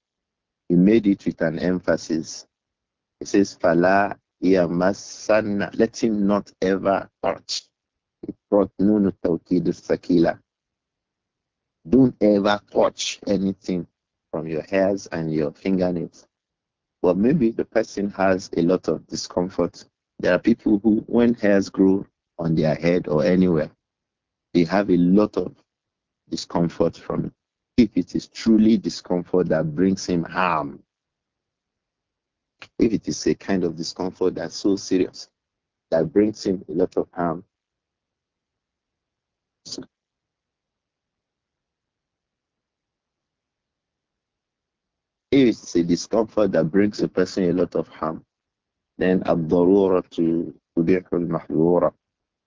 he made it with an emphasis. He says, Fala yamassanna. Let him not ever touch. It brought Nunu Tawkid Sakila. Don't ever touch anything from your hairs and your fingernails but maybe the person has a lot of discomfort. There are people who, when hairs grow on their head or anywhere, they have a lot of discomfort from it. If it is truly discomfort that brings him harm, if it is a kind of discomfort that's so serious that brings him a lot of harm, If it's a discomfort that brings a person a lot of harm, then abdarura to tubihul mahdura.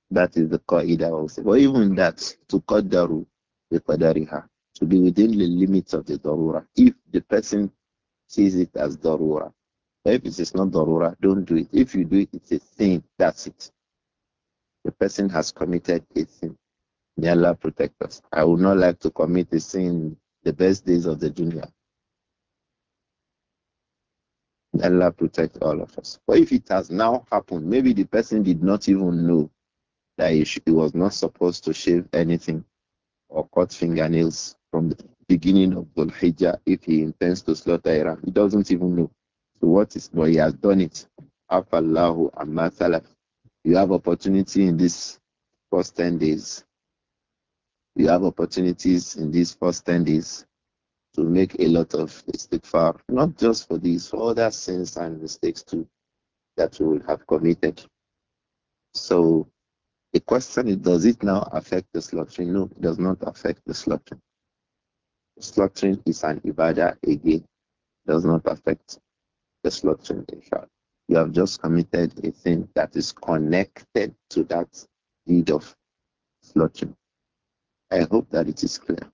That is the qaida I will say. But even that, to qaddaru bi qadariha, to be within the limits of the darura. If the person sees it as darura. But if it is not darura, don't do it. If you do it, it's a sin. That's it. The person has committed a sin. May Allah protect us. I would not like to commit a sin the best days of the dunya. Allah protect all of us. But if it has now happened, maybe the person did not even know that he, he was not supposed to shave anything or cut fingernails from the beginning of Dhul Hijjah if he intends to slaughter Iran. He doesn't even know. So what is, but he has done it. Afallahu amma salaf. You have opportunity in these first 10 days. You have opportunities in these first 10 days to make a lot of istighfar, not just for these, for other sins and mistakes too that we will have committed. So the question is, does it now affect the slaughtering? No, it does not affect the slaughtering. Slaughtering is an ibadah again, does not affect the slaughtering inshallah. You have just committed a thing that is connected to that deed of slaughtering. I hope that it is clear.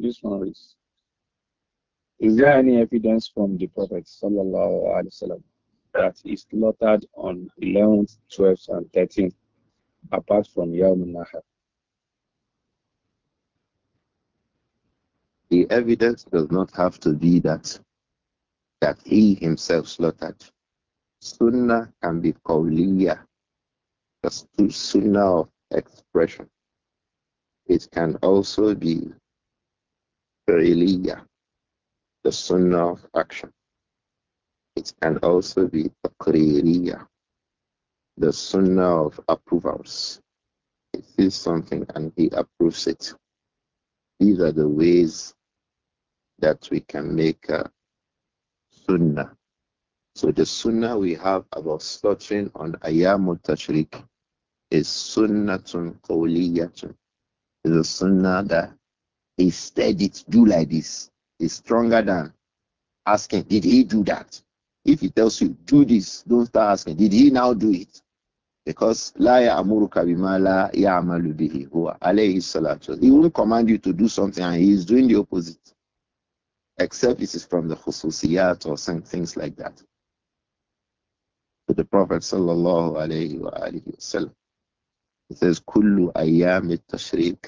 this one is Is there any evidence from the Prophet وسلم, that he slaughtered on 11th, 12th, and 13th, apart from Yawm Nahar? The evidence does not have to be that that he himself slaughtered. Sunnah can be qawliya, the sunnah of expression. It can also be fi'liya, the sunnah of action. It can also be taqririya, the sunnah of approvals. He sees something and he approves it. These are the ways that we can make a sunnah so the sunnah we have about slaughtering on Ayamut Tashriq is sunnatun qawliyatun. It's a sunnah that he to do like this is stronger than asking, did he do that? If he tells you, do this, don't start asking, did he now do it? Because la ya'muruka alayhi salatu. He won't command you to do something and he is doing the opposite. Except it is from the khususiyat or some things like that to the Prophet sallallahu alayhi wa alayhi wa sallam. He says, Kullu ayyam tashriq.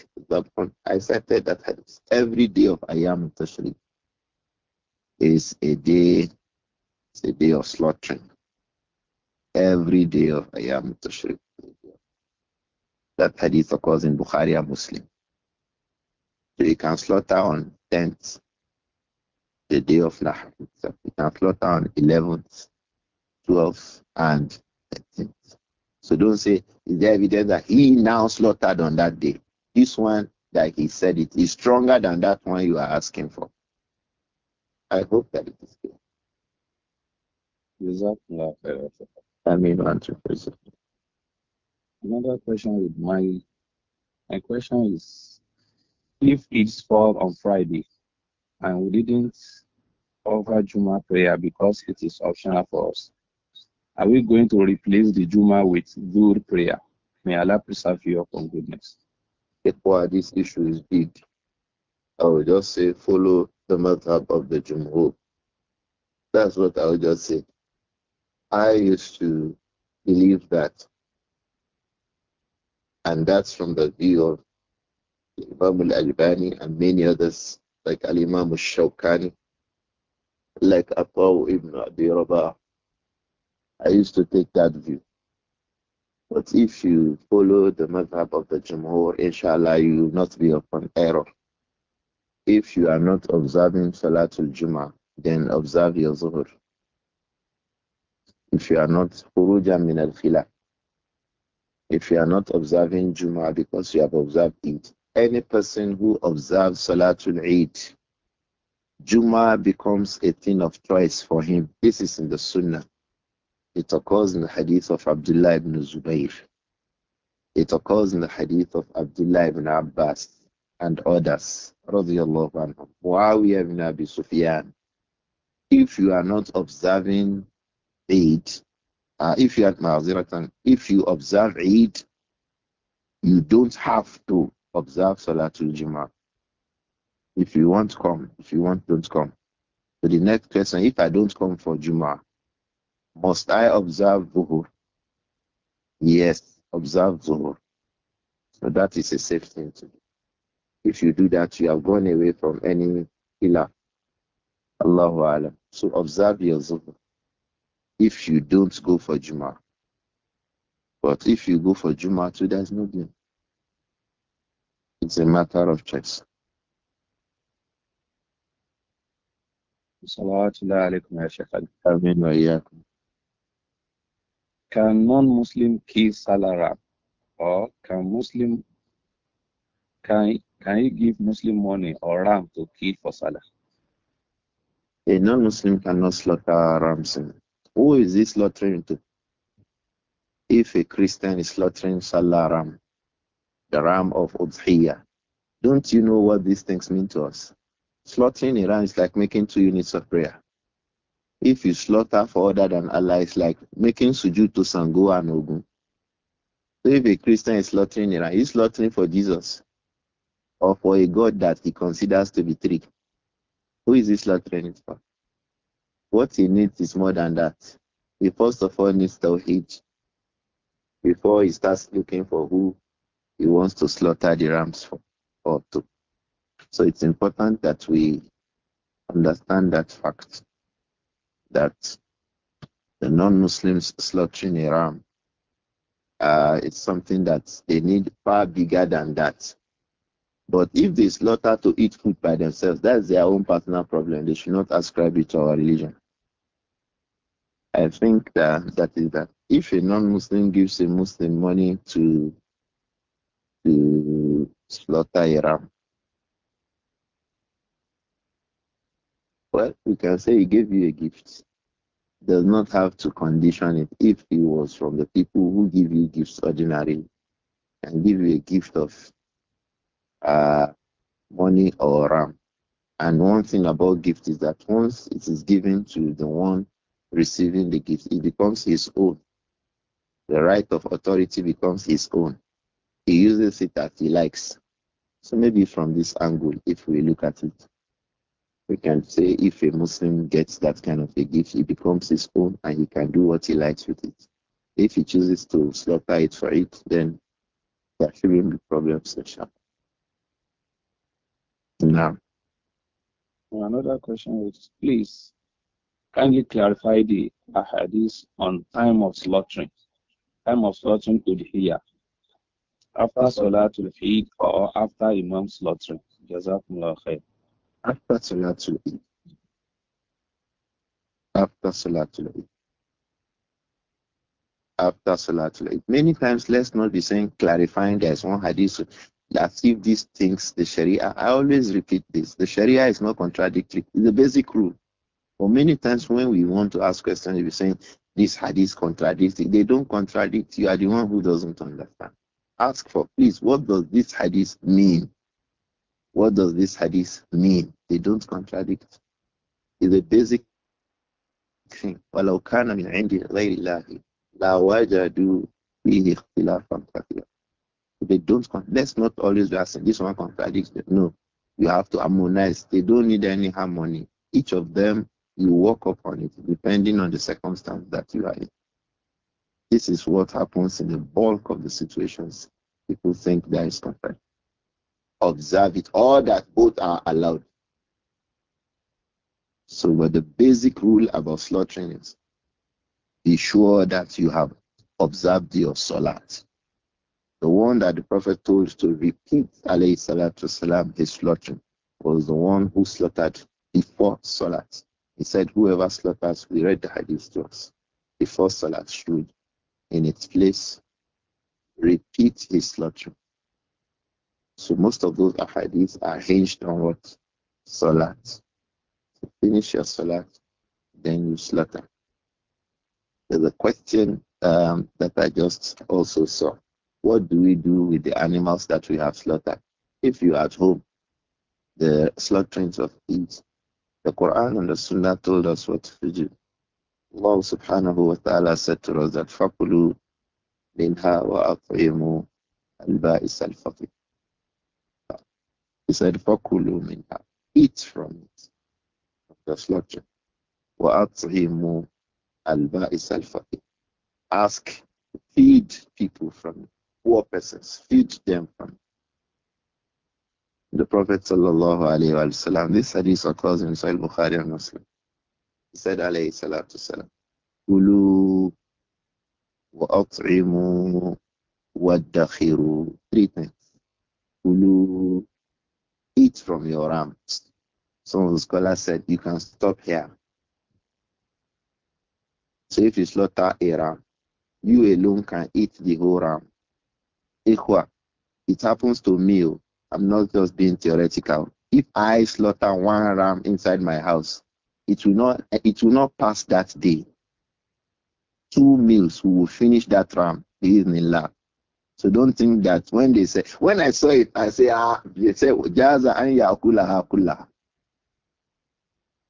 I cited that hadith. Every day of ayyam tashriq is a day, it's a day of slaughtering. Every day of ayyam tashriq. That hadith occurs in Bukhari and Muslim. So you can slaughter on 10th, the day of Nahr. You can slaughter on 11th, 12th, and so don't say is there evidence that he now slaughtered on that day this one that he said it is stronger than that one you are asking for i hope that it is clear I mean, Another question with my my question is if it's fall on Friday and we didn't offer Juma prayer because it is optional for us, are we going to replace the Juma with Dhuhr prayer? May Allah preserve you from goodness. Before this issue is big. I will just say follow the method of the Jumhur. That's what I will just say. I used to believe that. And that's from the view of Imam al-Albani and many others like Al-Imam al-Shawkani, like Abu ibn Abi Rabah, I used to take that view. But if you follow the madhab of the Jumhur, inshallah, you will not be upon error. If you are not observing Salatul Jummah, then observe your Zuhur. If you are not Huruja min al -fila. if you are not observing Jummah because you have observed it, any person who observes Salatul Eid, Jummah becomes a thing of choice for him. This is in the Sunnah. It occurs in the hadith of Abdullah ibn Zubayr. It occurs in the hadith of Abdullah ibn Abbas and others. Muawiyah ibn Abi Sufyan. If you are not observing Eid, uh, if you are if you observe Eid, you don't have to observe Salatul Jummah. If you want, come. If you want, don't come. So the next question, if I don't come for Jummah, must I observe Zuhur? Yes, observe Zuhur. So that is a safe thing to do. If you do that, you have gone away from any pillar. Allahu Alam. So observe your Zuhur. If you don't go for Juma. But if you go for Juma too, there's no gain. It's a matter of choice. صلوات عليكم يا شيخ واياكم can non-Muslim kill Salara? Or can Muslim can can you give Muslim money or ram to kill for Salah? A non-Muslim cannot slaughter rams. Who is law slaughtering to? If a Christian is slaughtering Salah ram, the ram of Udhiyah, don't you know what these things mean to us? Slaughtering a ram is like making two units of prayer. If you slaughter for other than Allah, it's like making suju to Sango and Ogun. So if a Christian is slaughtering Iran, he's slaughtering for Jesus or for a God that he considers to be three. Who is he slaughtering it for? What he needs is more than that. He first of all needs Tawheed before he starts looking for who he wants to slaughter the rams for or to. So it's important that we understand that fact that the non-Muslims slaughtering a ram, uh, something that they need far bigger than that. But if they slaughter to eat food by themselves, that's their own personal problem. They should not ascribe it to our religion. I think that that is that. If a non-Muslim gives a Muslim money to to slaughter a ram, Well, we can say he gave you a gift. Does not have to condition it if he was from the people who give you gifts ordinarily and give you a gift of uh, money or ram. And one thing about gift is that once it is given to the one receiving the gift, it becomes his own. The right of authority becomes his own. He uses it as he likes. So maybe from this angle, if we look at it, we can say if a Muslim gets that kind of a gift, it becomes his own and he can do what he likes with it. If he chooses to slaughter it for it, then there shouldn't be problems, inshallah. Now. Another question is please kindly clarify the ahadith on time of slaughtering. Time of slaughtering could hear after Salatul Eid or after Imam slaughtering. Jazakumullah khair after Salatul Eid. After Salatul Eid. After Salatul Eid. Many times, let's not be saying clarifying there's one hadith that if these things, the Sharia, I always repeat this the Sharia is not contradictory, it's a basic rule. But many times when we want to ask questions, we're saying this hadith contradicts They don't contradict you, are the one who doesn't understand. Ask for, please, what does this hadith mean? What does this hadith mean? They don't contradict. It's a basic thing. وَلَوْ كَانَ مِنْ عِنْدِ غَيْرِ اللَّهِ لَوَجَدُوا فِيهِ اخْتِلَافًا كَثِيرًا They don't, let's not always be asking, this one contradicts. Them. No, you have to harmonize. They don't need any harmony. Each of them, you work upon it depending on the circumstance that you are in. This is what happens in the bulk of the situations. People think there is conflict observe it, or that both are allowed. So, but the basic rule about slaughtering is be sure that you have observed your salat. The one that the Prophet told to repeat alayhi salatu salam his slaughtering was the one who slaughtered before salat. He said, Whoever slaughters, we read the hadith to us, before salat should in its place repeat his slaughtering. So most of those ahadith are hinged on what? Salat. So finish your salat, then you slaughter. There's a question um, that I just also saw. What do we do with the animals that we have slaughtered? If you are at home, the slaughterings of these, the Quran and the Sunnah told us what to do. Allah subhanahu wa ta'ala said to us that فَقُلُوا مِنْهَا وَأَطْعِمُوا الْبَائِسَ الْفَقِيرَ he said, Fakulu minha. Eat from it, from the slaughter. Wa'athimu al-ba'is al Ask, feed people from Poor persons, feed them from The Prophet sallallahu alayhi wa sallam, this hadith occurs in Sahih Bukhari and Muslim. He said alayhi salatu salam, Kulu wa'at'imu wa Three things. Kulu from your ram, Some of the scholars said you can stop here. So if you slaughter a ram, you alone can eat the whole ram. Ikhwa, it happens to me. Oh. I'm not just being theoretical. If I slaughter one ram inside my house, it will not it will not pass that day. Two meals will finish that ram in the so don't think that when they say, when I saw it, I say, ah, they say, Jaza an akula kullaha.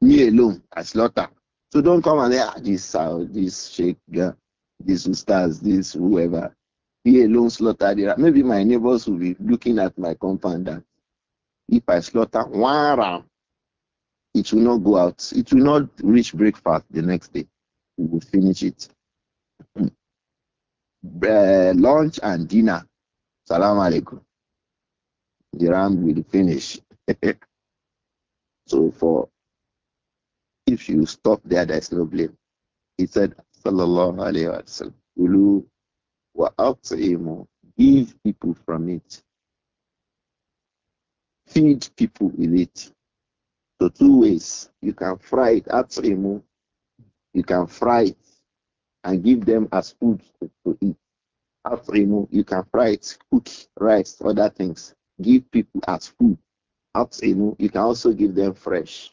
Me alone, I slaughter. So don't come and say, ah, this, uh, this sheikh, yeah, this stars this whoever. Me alone slaughter. Maybe my neighbors will be looking at my compound that if I slaughter one ram, it will not go out. It will not reach breakfast the next day. We will finish it. Uh, lunch and dinner. Salam alaikum. The ram will finish. so for if you stop there, there's no blame. He said, Sallallahu alayhi wa sallam, Ulu wa give people from it. Feed people with it. So two ways. You can fry it, atimu. You can fry it and give them as food to eat. After you can fry it, cook rice, other things. Give people as food. After you can also give them fresh.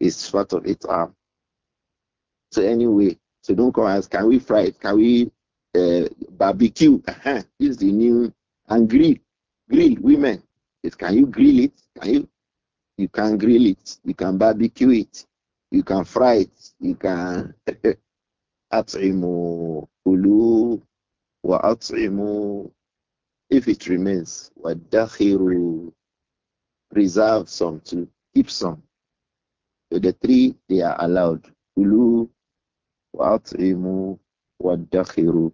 It's part of it. Um, so anyway, so don't come ask, can we fry it? Can we uh, barbecue? Uh-huh. the new and grill. Grill women. It, can you grill it? Can you? You can grill it. You can barbecue it. You can fry it. You can At'imu kulu wa at'imu if it remains wa dakhiru preserve some to keep some. So the three they are allowed. ulu wa at'imu wa dakhiru.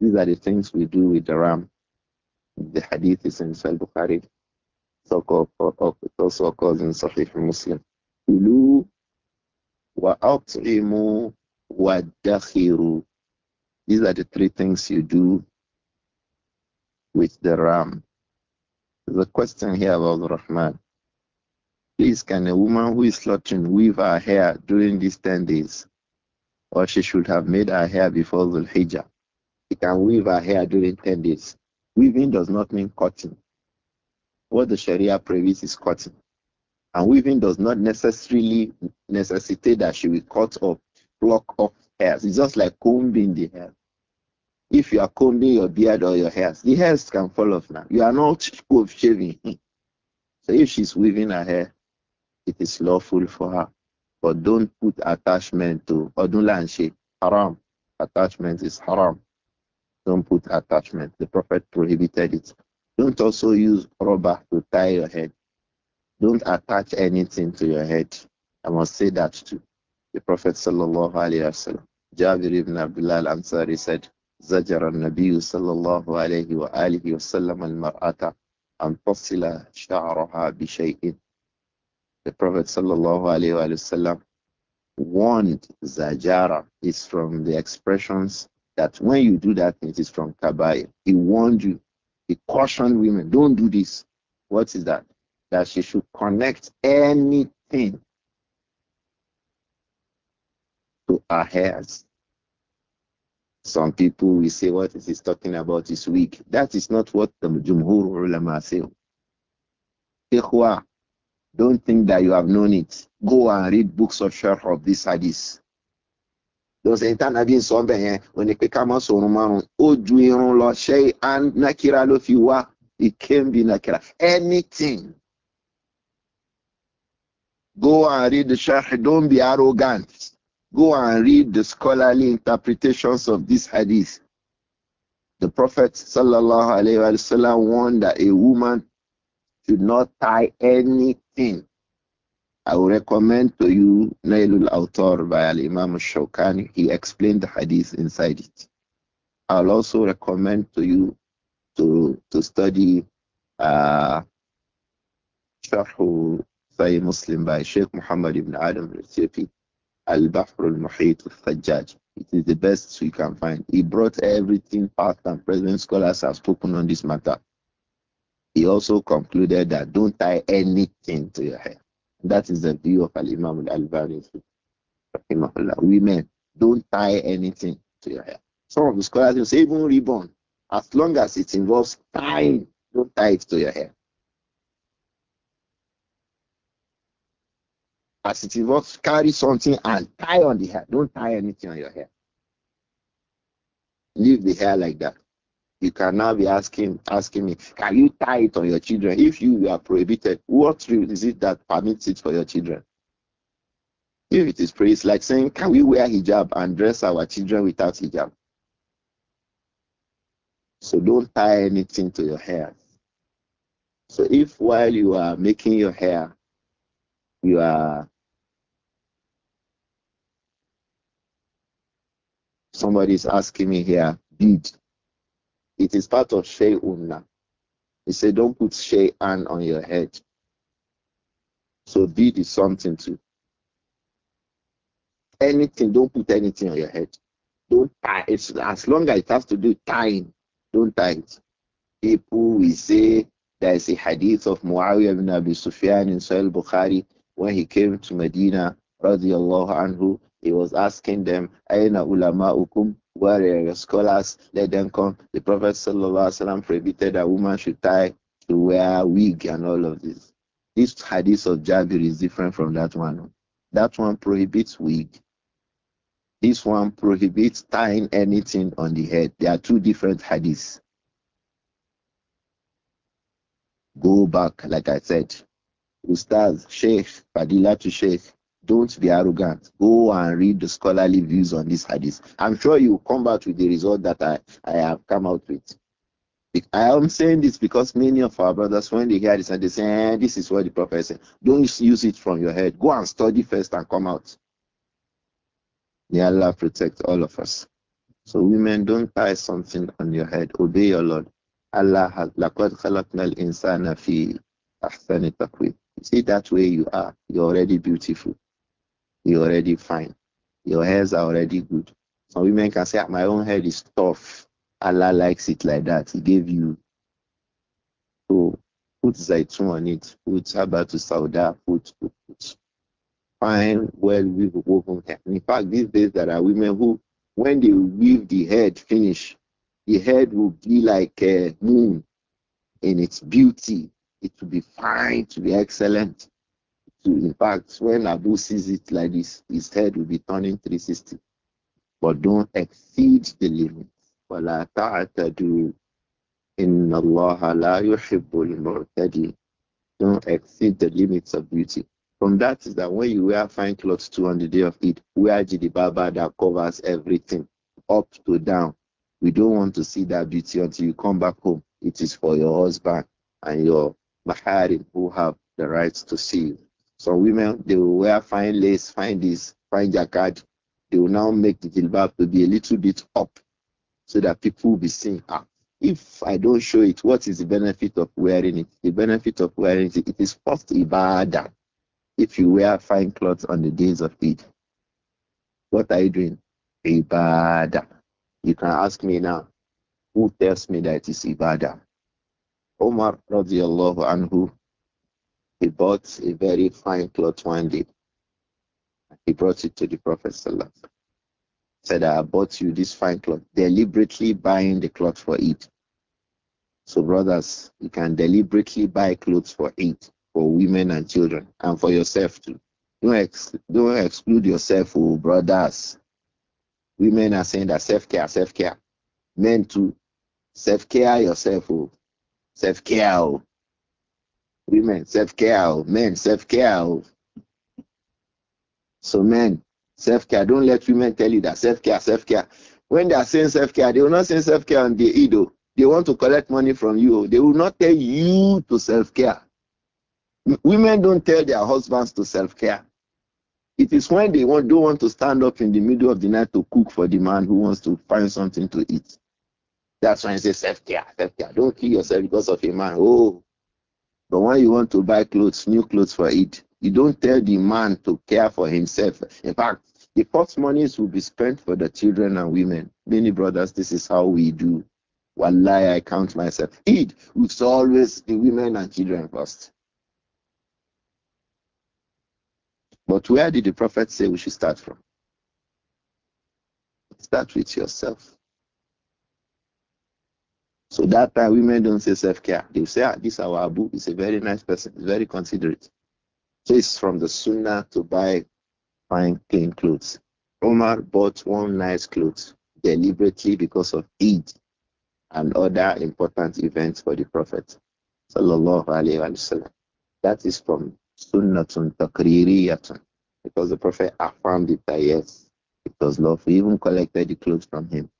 These are the things we do with the ram. The hadith is in Sahih Bukhari. It uh, uh, also occurs in Sahih Muslim. Kulu wa at'imu وَالدَّخِرُ These are the three things you do with the ram. The question here about Rahman. Please, can a woman who is slaughtering weave her hair during these 10 days? Or she should have made her hair before the hijab. She can weave her hair during 10 days. Weaving does not mean cutting. What the Sharia prohibits is cutting. And weaving does not necessarily necessitate that she will cut up block off hairs. It's just like combing the hair. If you are combing your beard or your hairs, the hairs can fall off now. You are not shaving. so if she's weaving her hair, it is lawful for her. But don't put attachment to don't and she haram. Attachment is haram. Don't put attachment. The Prophet prohibited it. Don't also use rubber to tie your head. Don't attach anything to your head. I must say that too. The Prophet sallallahu alayhi wasallam, Jabir ibn Abdullah ansari said, زجر النبي صلى wa alaihi wasallam وسلم المرأة أن sharaha bi بشيء. The Prophet sallallahu alayhi wasallam warned Zajara is from the expressions that when you do that, it is from Kabaya. He warned you, he cautioned women, don't do this. What is that? That she should connect anything to our heads. Some people will say what is he talking about is weak. That is not what the Jumhur ulama say. Ikhwa, don't think that you have known it. Go and read books of Sharh of this hadith. Those internabi sọ bẹ yẹn onípe ká mọ sọrun márùn ó ju irun lọ ṣe and nakira ló fi wá it can be nakira anything go and read the sharh don't be arrogant Go and read the scholarly interpretations of this hadith. The Prophet wasallam warned that a woman should not tie anything. I would recommend to you Nailul Autor by Al Imam Shawkani. He explained the hadith inside it. I'll also recommend to you to to study uh, Sharh Sahih Muslim by Sheikh Muhammad ibn Adam al Al Bahr al Muhit al Thajjaj. It is the best we can find. He brought everything past and present scholars have spoken on this matter. He also concluded that don't tie anything to your hair. That is the view of Al Imam Al Albani. Women, don't tie anything to your hair. Some of the scholars say even reborn, as long as it involves tying, don't tie it to your hair. as it involves carry something and tie on the hair. Don't tie anything on your hair. Leave the hair like that. You can now be asking asking me, can you tie it on your children? If you are prohibited, what is it that permits it for your children? If it is praise, like saying, can we wear hijab and dress our children without hijab? So don't tie anything to your hair. So if while you are making your hair, you are Somebody is asking me here, did. It is part of Shay'unna. He said, don't put an on your head. So did is something too. Anything, don't put anything on your head. Don't tie it. As long as it has to do tying, don't tie it. People will say there is a hadith of Muawiyah ibn Abi Sufyan in Sahih Bukhari when he came to Medina radiallahu anhu, he was asking them, Aina ulama ukum, where are your scholars? Let them come. The Prophet prohibited that woman should tie to wear wig and all of this. This hadith of Jabir is different from that one. That one prohibits wig. This one prohibits tying anything on the head. There are two different hadiths. Go back, like I said. Ustaz, Sheikh, Fadila to Sheikh, don't be arrogant. Go and read the scholarly views on this hadith. I'm sure you will come back with the result that I, I have come out with. I am saying this because many of our brothers, when they hear this and they say, eh, This is what the prophet said, don't use it from your head. Go and study first and come out. May Allah protect all of us. So, women, don't tie something on your head. Obey your Lord. Allah has laqad khalaqnal insana fi See that way you are. You're already beautiful you're already fine. Your hairs are already good. Some women can say, ah, My own hair is tough. Allah likes it like that. He gave you. So put zaitun on it, put habatu sauda, put, put, put. Fine, well weave woven hair. In fact, these days there are women who, when they weave the head finish, the head will be like a moon in its beauty. It will be fine, to be excellent to In fact, when Abu sees it like this, his head will be turning 360. But don't exceed the limit. وَلَا Allah, إِنَّ اللَّهَ لَا يُحِبُّ الْمُعْتَدِينَ Don't exceed the limits of beauty. From that is that when you wear fine clothes too on the day of Eid, wear baba that covers everything, up to down. We don't want to see that beauty until you come back home. It is for your husband and your maharim who have the right to see you. Some women, they will wear fine lace, fine this, fine jacket. They will now make the jilbab to be a little bit up so that people will be seeing her. if I don't show it, what is the benefit of wearing it? The benefit of wearing it, it is first ibadah. If you wear fine clothes on the days of Eid, what are you doing? Ibadah. You can ask me now, who tells me that it is ibadah? Omar radiallahu anhu he bought a very fine cloth one day. He brought it to the Prophet. Said, I bought you this fine cloth, deliberately buying the cloth for it. So, brothers, you can deliberately buy clothes for it, for women and children, and for yourself too. Don't, ex don't exclude yourself, oh, brothers. Women are saying that self care, self care. Men too. Self care yourself, oh. Self care, oh Women, self care. Men, self care. So, men, self care. Don't let women tell you that self care, self care. When they are saying self care, they will not say self care on the ido. Oh. They want to collect money from you. Oh. They will not tell you to self care. Women don't tell their husbands to self care. It is when they want, don't want to stand up in the middle of the night to cook for the man who wants to find something to eat. That's when I say self care, self care. Don't kill yourself because of a man. Oh, but when you want to buy clothes, new clothes for it, you don't tell the man to care for himself. In fact, the first monies will be spent for the children and women. Many brothers, this is how we do. Wallahi, I count myself. it was always the women and children first. But where did the prophet say we should start from? Start with yourself. So that time women don't say self care. They say ah, this our Abu is a very nice person, He's very considerate. So it's from the Sunnah to buy fine clean clothes. Omar bought one nice clothes deliberately because of Eid and other important events for the Prophet. That is from Sunnatun Takririyatun because the Prophet affirmed it that yes, it was He even collected the clothes from him.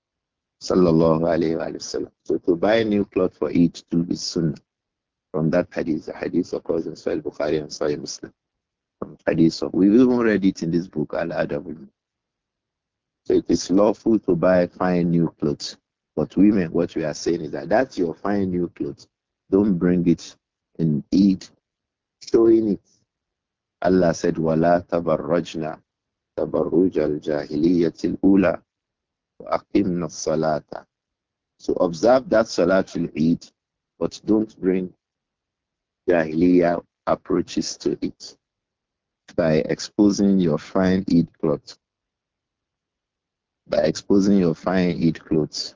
Sallallahu alayhi wa sallam. So to buy new cloth for each to be sunnah. From that hadith, the hadith occurs in Sahih Bukhari and Sahih Muslim. From hadith of, we've even read it in this book, Al-Adab. So it is lawful to buy fine new clothes. But women, what we are saying is that that's your fine new clothes. Don't bring it in eat, showing it. Allah said, وَلَا تَبَرَّجْنَا تَبَرُّجَ الْجَاهِلِيَّةِ الْأُولَى وَأَقِمْنَا الصَّلَاةَ So observe that Salatul Eid, but don't bring Jahiliyyah approaches to it by exposing your fine Eid clothes. By exposing your fine Eid clothes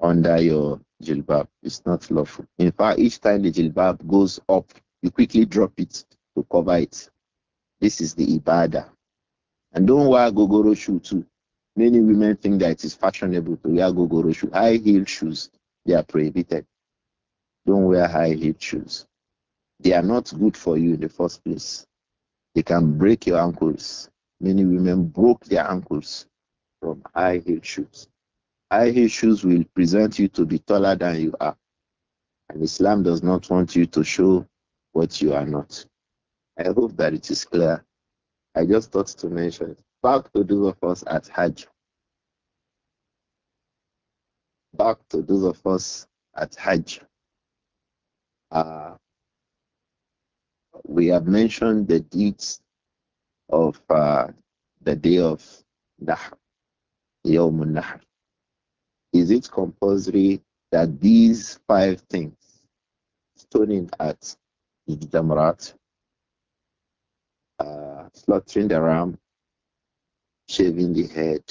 under your jilbab. It's not lawful. In fact, each time the jilbab goes up, you quickly drop it to cover it. This is the ibadah. And don't wear gogoro shoe too. Many women think that it is fashionable to wear gogoro shoes, high heel shoes. They are prohibited. Don't wear high heel shoes. They are not good for you in the first place. They can break your ankles. Many women broke their ankles from high heel shoes. High heel shoes will present you to be taller than you are. And Islam does not want you to show what you are not. I hope that it is clear. I just thought to mention it. Back to those of us at Hajj. Back to those of us at Hajj. Uh, we have mentioned the deeds of uh, the day of Nahr, Yawm Nahr. Is it compulsory that these five things, stoning at Ijtamrat, uh, slaughtering the ram, shaving the head,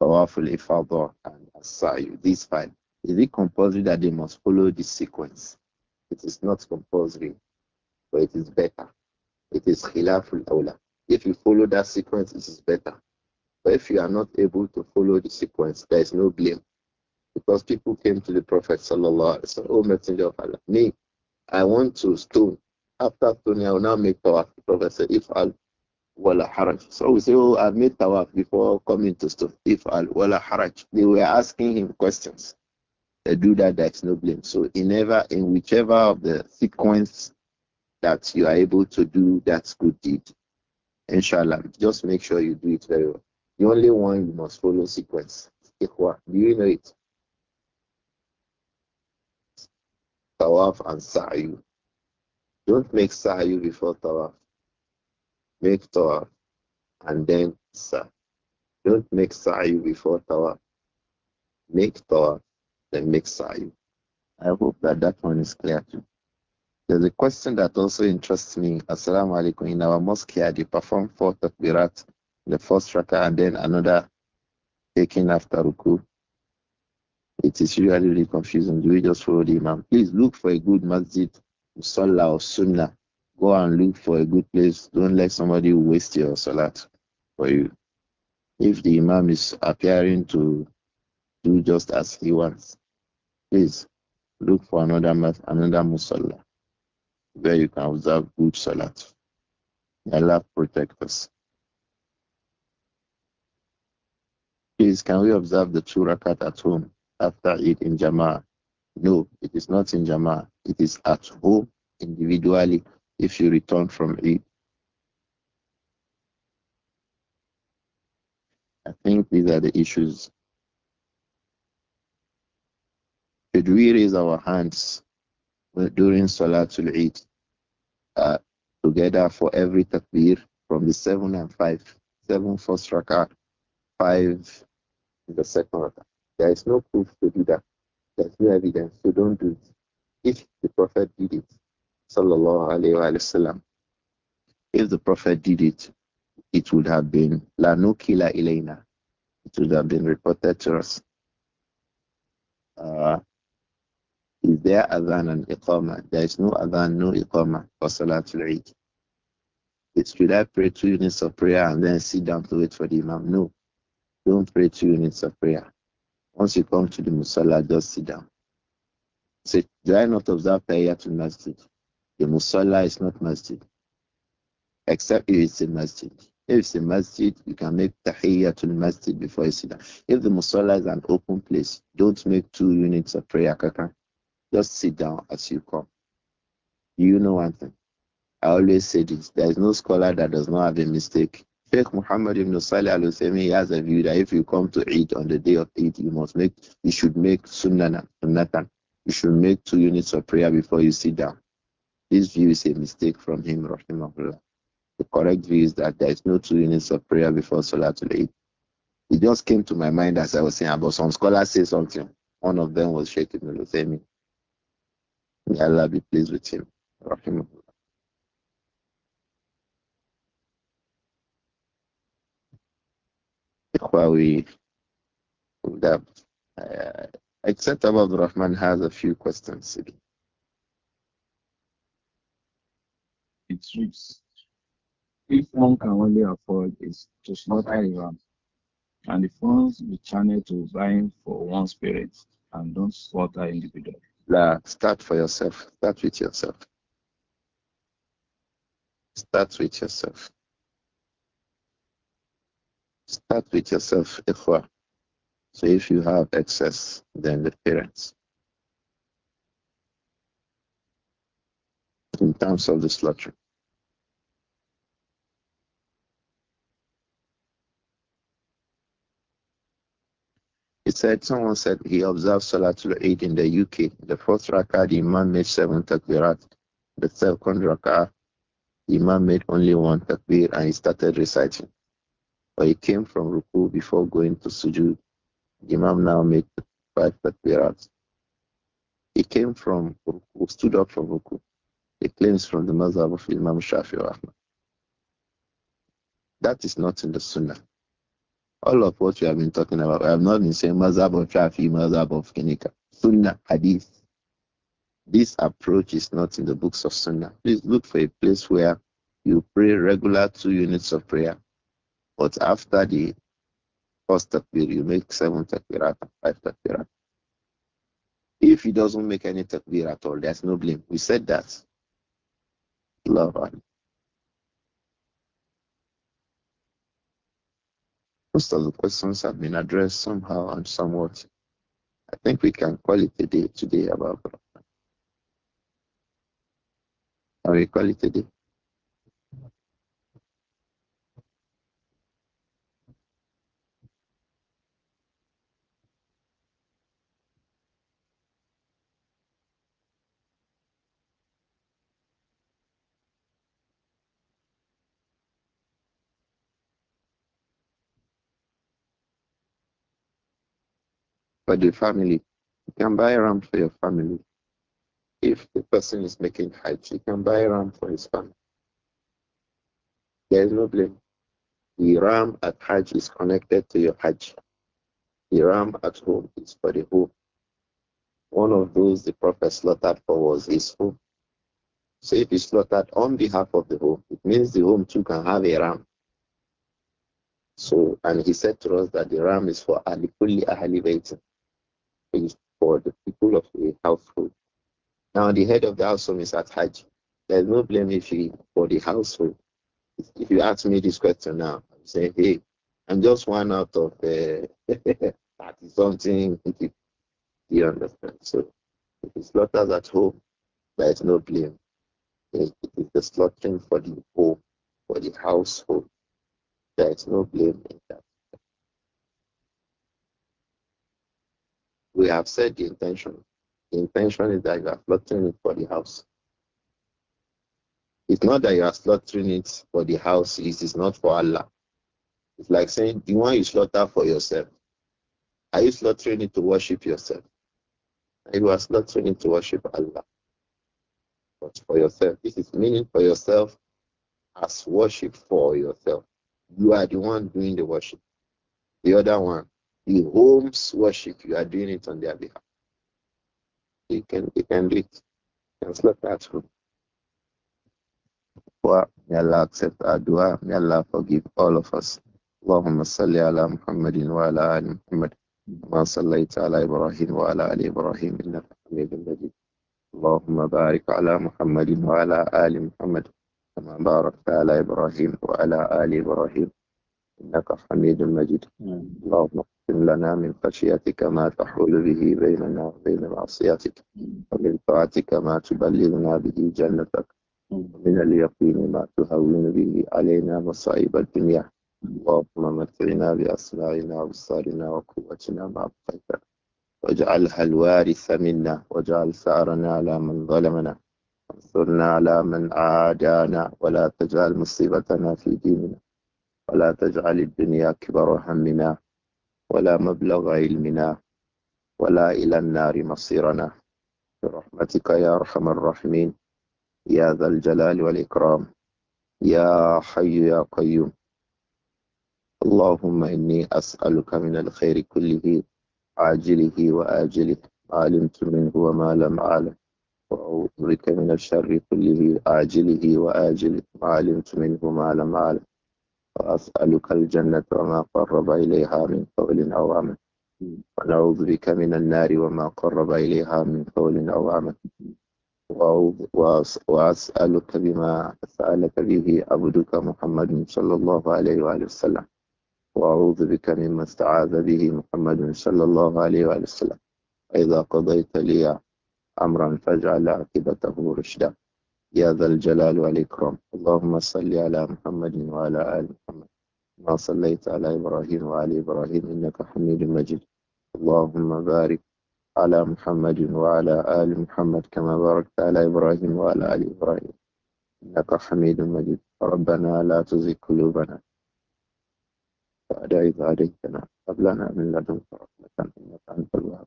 powerfully, father, and asayu. This fine. Is it compulsory that they must follow this sequence? It is not compulsory, but it is better. It is khilaful awla. If you follow that sequence, it is better. But if you are not able to follow the sequence, there is no blame. Because people came to the Prophet, sallallahu alaihi wasallam, oh, Messenger of Allah, me, I want to stone. After stone, I will now make power. The Prophet said, if i wala haraj. So we say, oh, i made tawaf before coming to Stufif al wala haraj. They were asking him questions. They do that, that's no blame. So in ever, in whichever of the sequence that you are able to do that good deed, inshallah, just make sure you do it very well. The only one you must follow sequence. Ikhwa, do you know it? Tawaf and Sa'yu. Don't make Sa'yu before Tawaf. Make tawaf and then sa'i. Don't make sa'i before tawaf. Make tawaf, then make sa'i. I hope that that one is clear too. There's a question that also interests me. Assalamu alaikum. In our mosque here, they perform four takbirat, the first rakah and then another taking after ruku. It is usually really confusing. Do we just follow the imam? Please look for a good masjid, musalla or sunnah Go and look for a good place. Don't let somebody waste your salat for you. If the Imam is appearing to do just as he wants, please look for another another musalla where you can observe good salat. Allah protect us. Please, can we observe the two rakat at home after it in Jama'ah? No, it is not in Jama'ah. It is at home individually if you return from Eid. I think these are the issues. Should we raise our hands during Salatul Eid uh, together for every takbir from the seven and five, seven first rakah, five in the second rakah? There is no proof to do that. There's no evidence, so don't do it. If the Prophet did it, sallallahu alayhi If the Prophet did it, it would have been La Nukila Elena. It would have been reported to us. Uh, is there adhan and iqama? There is no adhan, no iqama for Salatul Eid. It's should I pray two units of prayer and then sit down to wait for the Imam? No. Don't pray two units of prayer. Once you come to the Musalla, just sit down. Say, do I not observe prayer Tahiyatul Masjid? The musalla is not masjid, except if it's a masjid. If it's a masjid, you can make the masjid before you sit down. If the musalla is an open place, don't make two units of prayer, kaka. Just sit down as you come. You know one thing. I always say this. There is no scholar that does not have a mistake. Sheikh Muhammad ibn Salih al he has a view that if you come to Eid on the day of Eid, you must make, you should make sunnah, sunnatan. You should make two units of prayer before you sit down. This view is a mistake from him, rahimahullah. The correct view is that there is no two units of prayer before Salatul Eid. It just came to my mind as I was saying about some scholars say something. One of them was Sheikh Ibn Uthaymi. May Allah be pleased with him, rahimahullah. Ikhwawi, uh, except Abu Rahman has a few questions again. If one can only afford is to slaughter a ram, and the funds be channeled to buying for one spirit and don't slaughter individually. La, start for yourself. Start with yourself. Start with yourself. Start with yourself, Ikhwa. So if you have excess, then the parents. In terms of the slaughter. said, someone said he observed Salatul Eid in the UK. The first rakah, the Imam made seven takbirat. The second rakah, the Imam made only one takbir and he started reciting. But he came from ruku before going to sujud. The Imam now made five takbirat. He came from ruku, stood up from ruku. He claims from the mazhab of Imam Shafi Ahmad. That is not in the Sunnah all of what we have been talking about. I have not been saying mazhab of Shafi, mazhab of Kenika. Sunnah, hadith. This approach is not in the books of Sunnah. Please look for a place where you pray regular two units of prayer. But after the first takbir, you make seven takbirat and five takbirat. If he doesn't make any takbir at all, there's no blame. We said that. Love Allah. Most of the questions have been addressed somehow and somewhat. I think we can call it a day today about Quran. we call it a day? for the family. You can buy ram for your family. If the person is making hajj, he can buy ram for his family. There is no blame. The ram at hajj is connected to your hajj. The ram at home is for the home. One of those the Prophet slaughtered for was his home. So if he slaughtered on behalf of the home, it means the home too can have a ram. So, and he said to us that the ram is for Alikuli Ahali Baitin is for the people of a household. Now, the head of the household is at Hajj. There's no blame if you for the household. If you ask me this question now, I'm saying, hey, I'm just one out of uh, 30 something. Do you understand? So, if he slaughters at home, there is no blame. It is the slaughtering for the home, for the household. There is no blame in that. We have said the intention. The intention is that you are slaughtering it for the house. It's not that you are slaughtering it for the house, it is not for Allah. It's like saying the one you slaughter for yourself. Are you slaughtering it to worship yourself? You are slaughtering it to worship Allah. But for yourself, this is meaning for yourself as worship for yourself. You are the one doing the worship. The other one the home's worship, you are doing it on their behalf. You can, you can do it. You can slaughter at home. May Allah accept our dua. May Allah forgive all of us. اللهم صل على محمد وعلى آل محمد كما صليت على إبراهيم وعلى آل إبراهيم إنك حميد مجيد اللهم بارك على محمد وعلى آل محمد كما باركت على إبراهيم وعلى آل إبراهيم إنك حميد مجيد اللهم لنا من خشيتك ما تحول به بيننا وبين معصيتك ومن طاعتك ما تبلغنا به جنتك ومن اليقين ما تهون به علينا مصائب الدنيا اللهم متعنا بأسماعنا وابصارنا وقوتنا ما أبقيتنا واجعلها الوارث منا واجعل ثأرنا على من ظلمنا وانصرنا على من عادانا ولا تجعل مصيبتنا في ديننا ولا تجعل الدنيا كبر همنا ولا مبلغ علمنا ولا إلى النار مصيرنا برحمتك يا أرحم الراحمين يا ذا الجلال والإكرام يا حي يا قيوم اللهم إني أسألك من الخير كله عاجله وآجله علمت منه وما لم أعلم وأعوذ بك من الشر كله عاجله وآجله علمت منه ما لم أعلم وأسألك الجنة وما قرب إليها من قول أو عمل ونعوذ بك من النار وما قرب إليها من قول أو عمل وأسألك بما سألك به عبدك محمد صلى الله عليه وآله وسلم وأعوذ بك مما استعاذ به محمد صلى الله عليه وآله وسلم إذا قضيت لي أمرا فاجعل عقبته رشدا يا ذا الجلال والإكرام اللهم صل على محمد وعلى آل محمد ما صليت على إبراهيم وعلى إبراهيم إنك حميد مجيد اللهم بارك على محمد وعلى آل محمد كما باركت على إبراهيم وعلى آل إبراهيم إنك حميد مجيد ربنا لا تزغ قلوبنا بعد إذ هديتنا هب لنا من لدنك رحمة إنك أنت الوهاب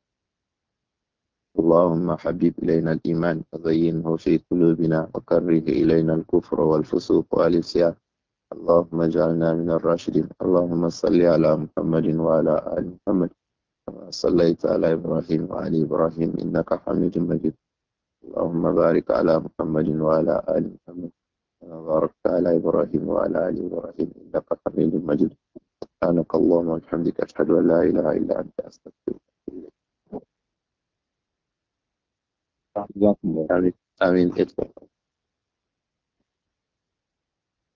اللهم حبيب إلينا الإيمان وزينه في قلوبنا وكره إلينا الكفر والفسوق والعصيان اللهم اجعلنا من الراشدين اللهم صل على محمد وعلى آل محمد كما صليت على إبراهيم وعلى إبراهيم إنك حميد مجيد اللهم بارك على محمد وعلى آل محمد كما باركت على إبراهيم وعلى آل إبراهيم إنك حميد مجيد سبحانك اللهم وبحمدك أشهد أن لا إله إلا أنت أستغفرك I mean, I mean, it's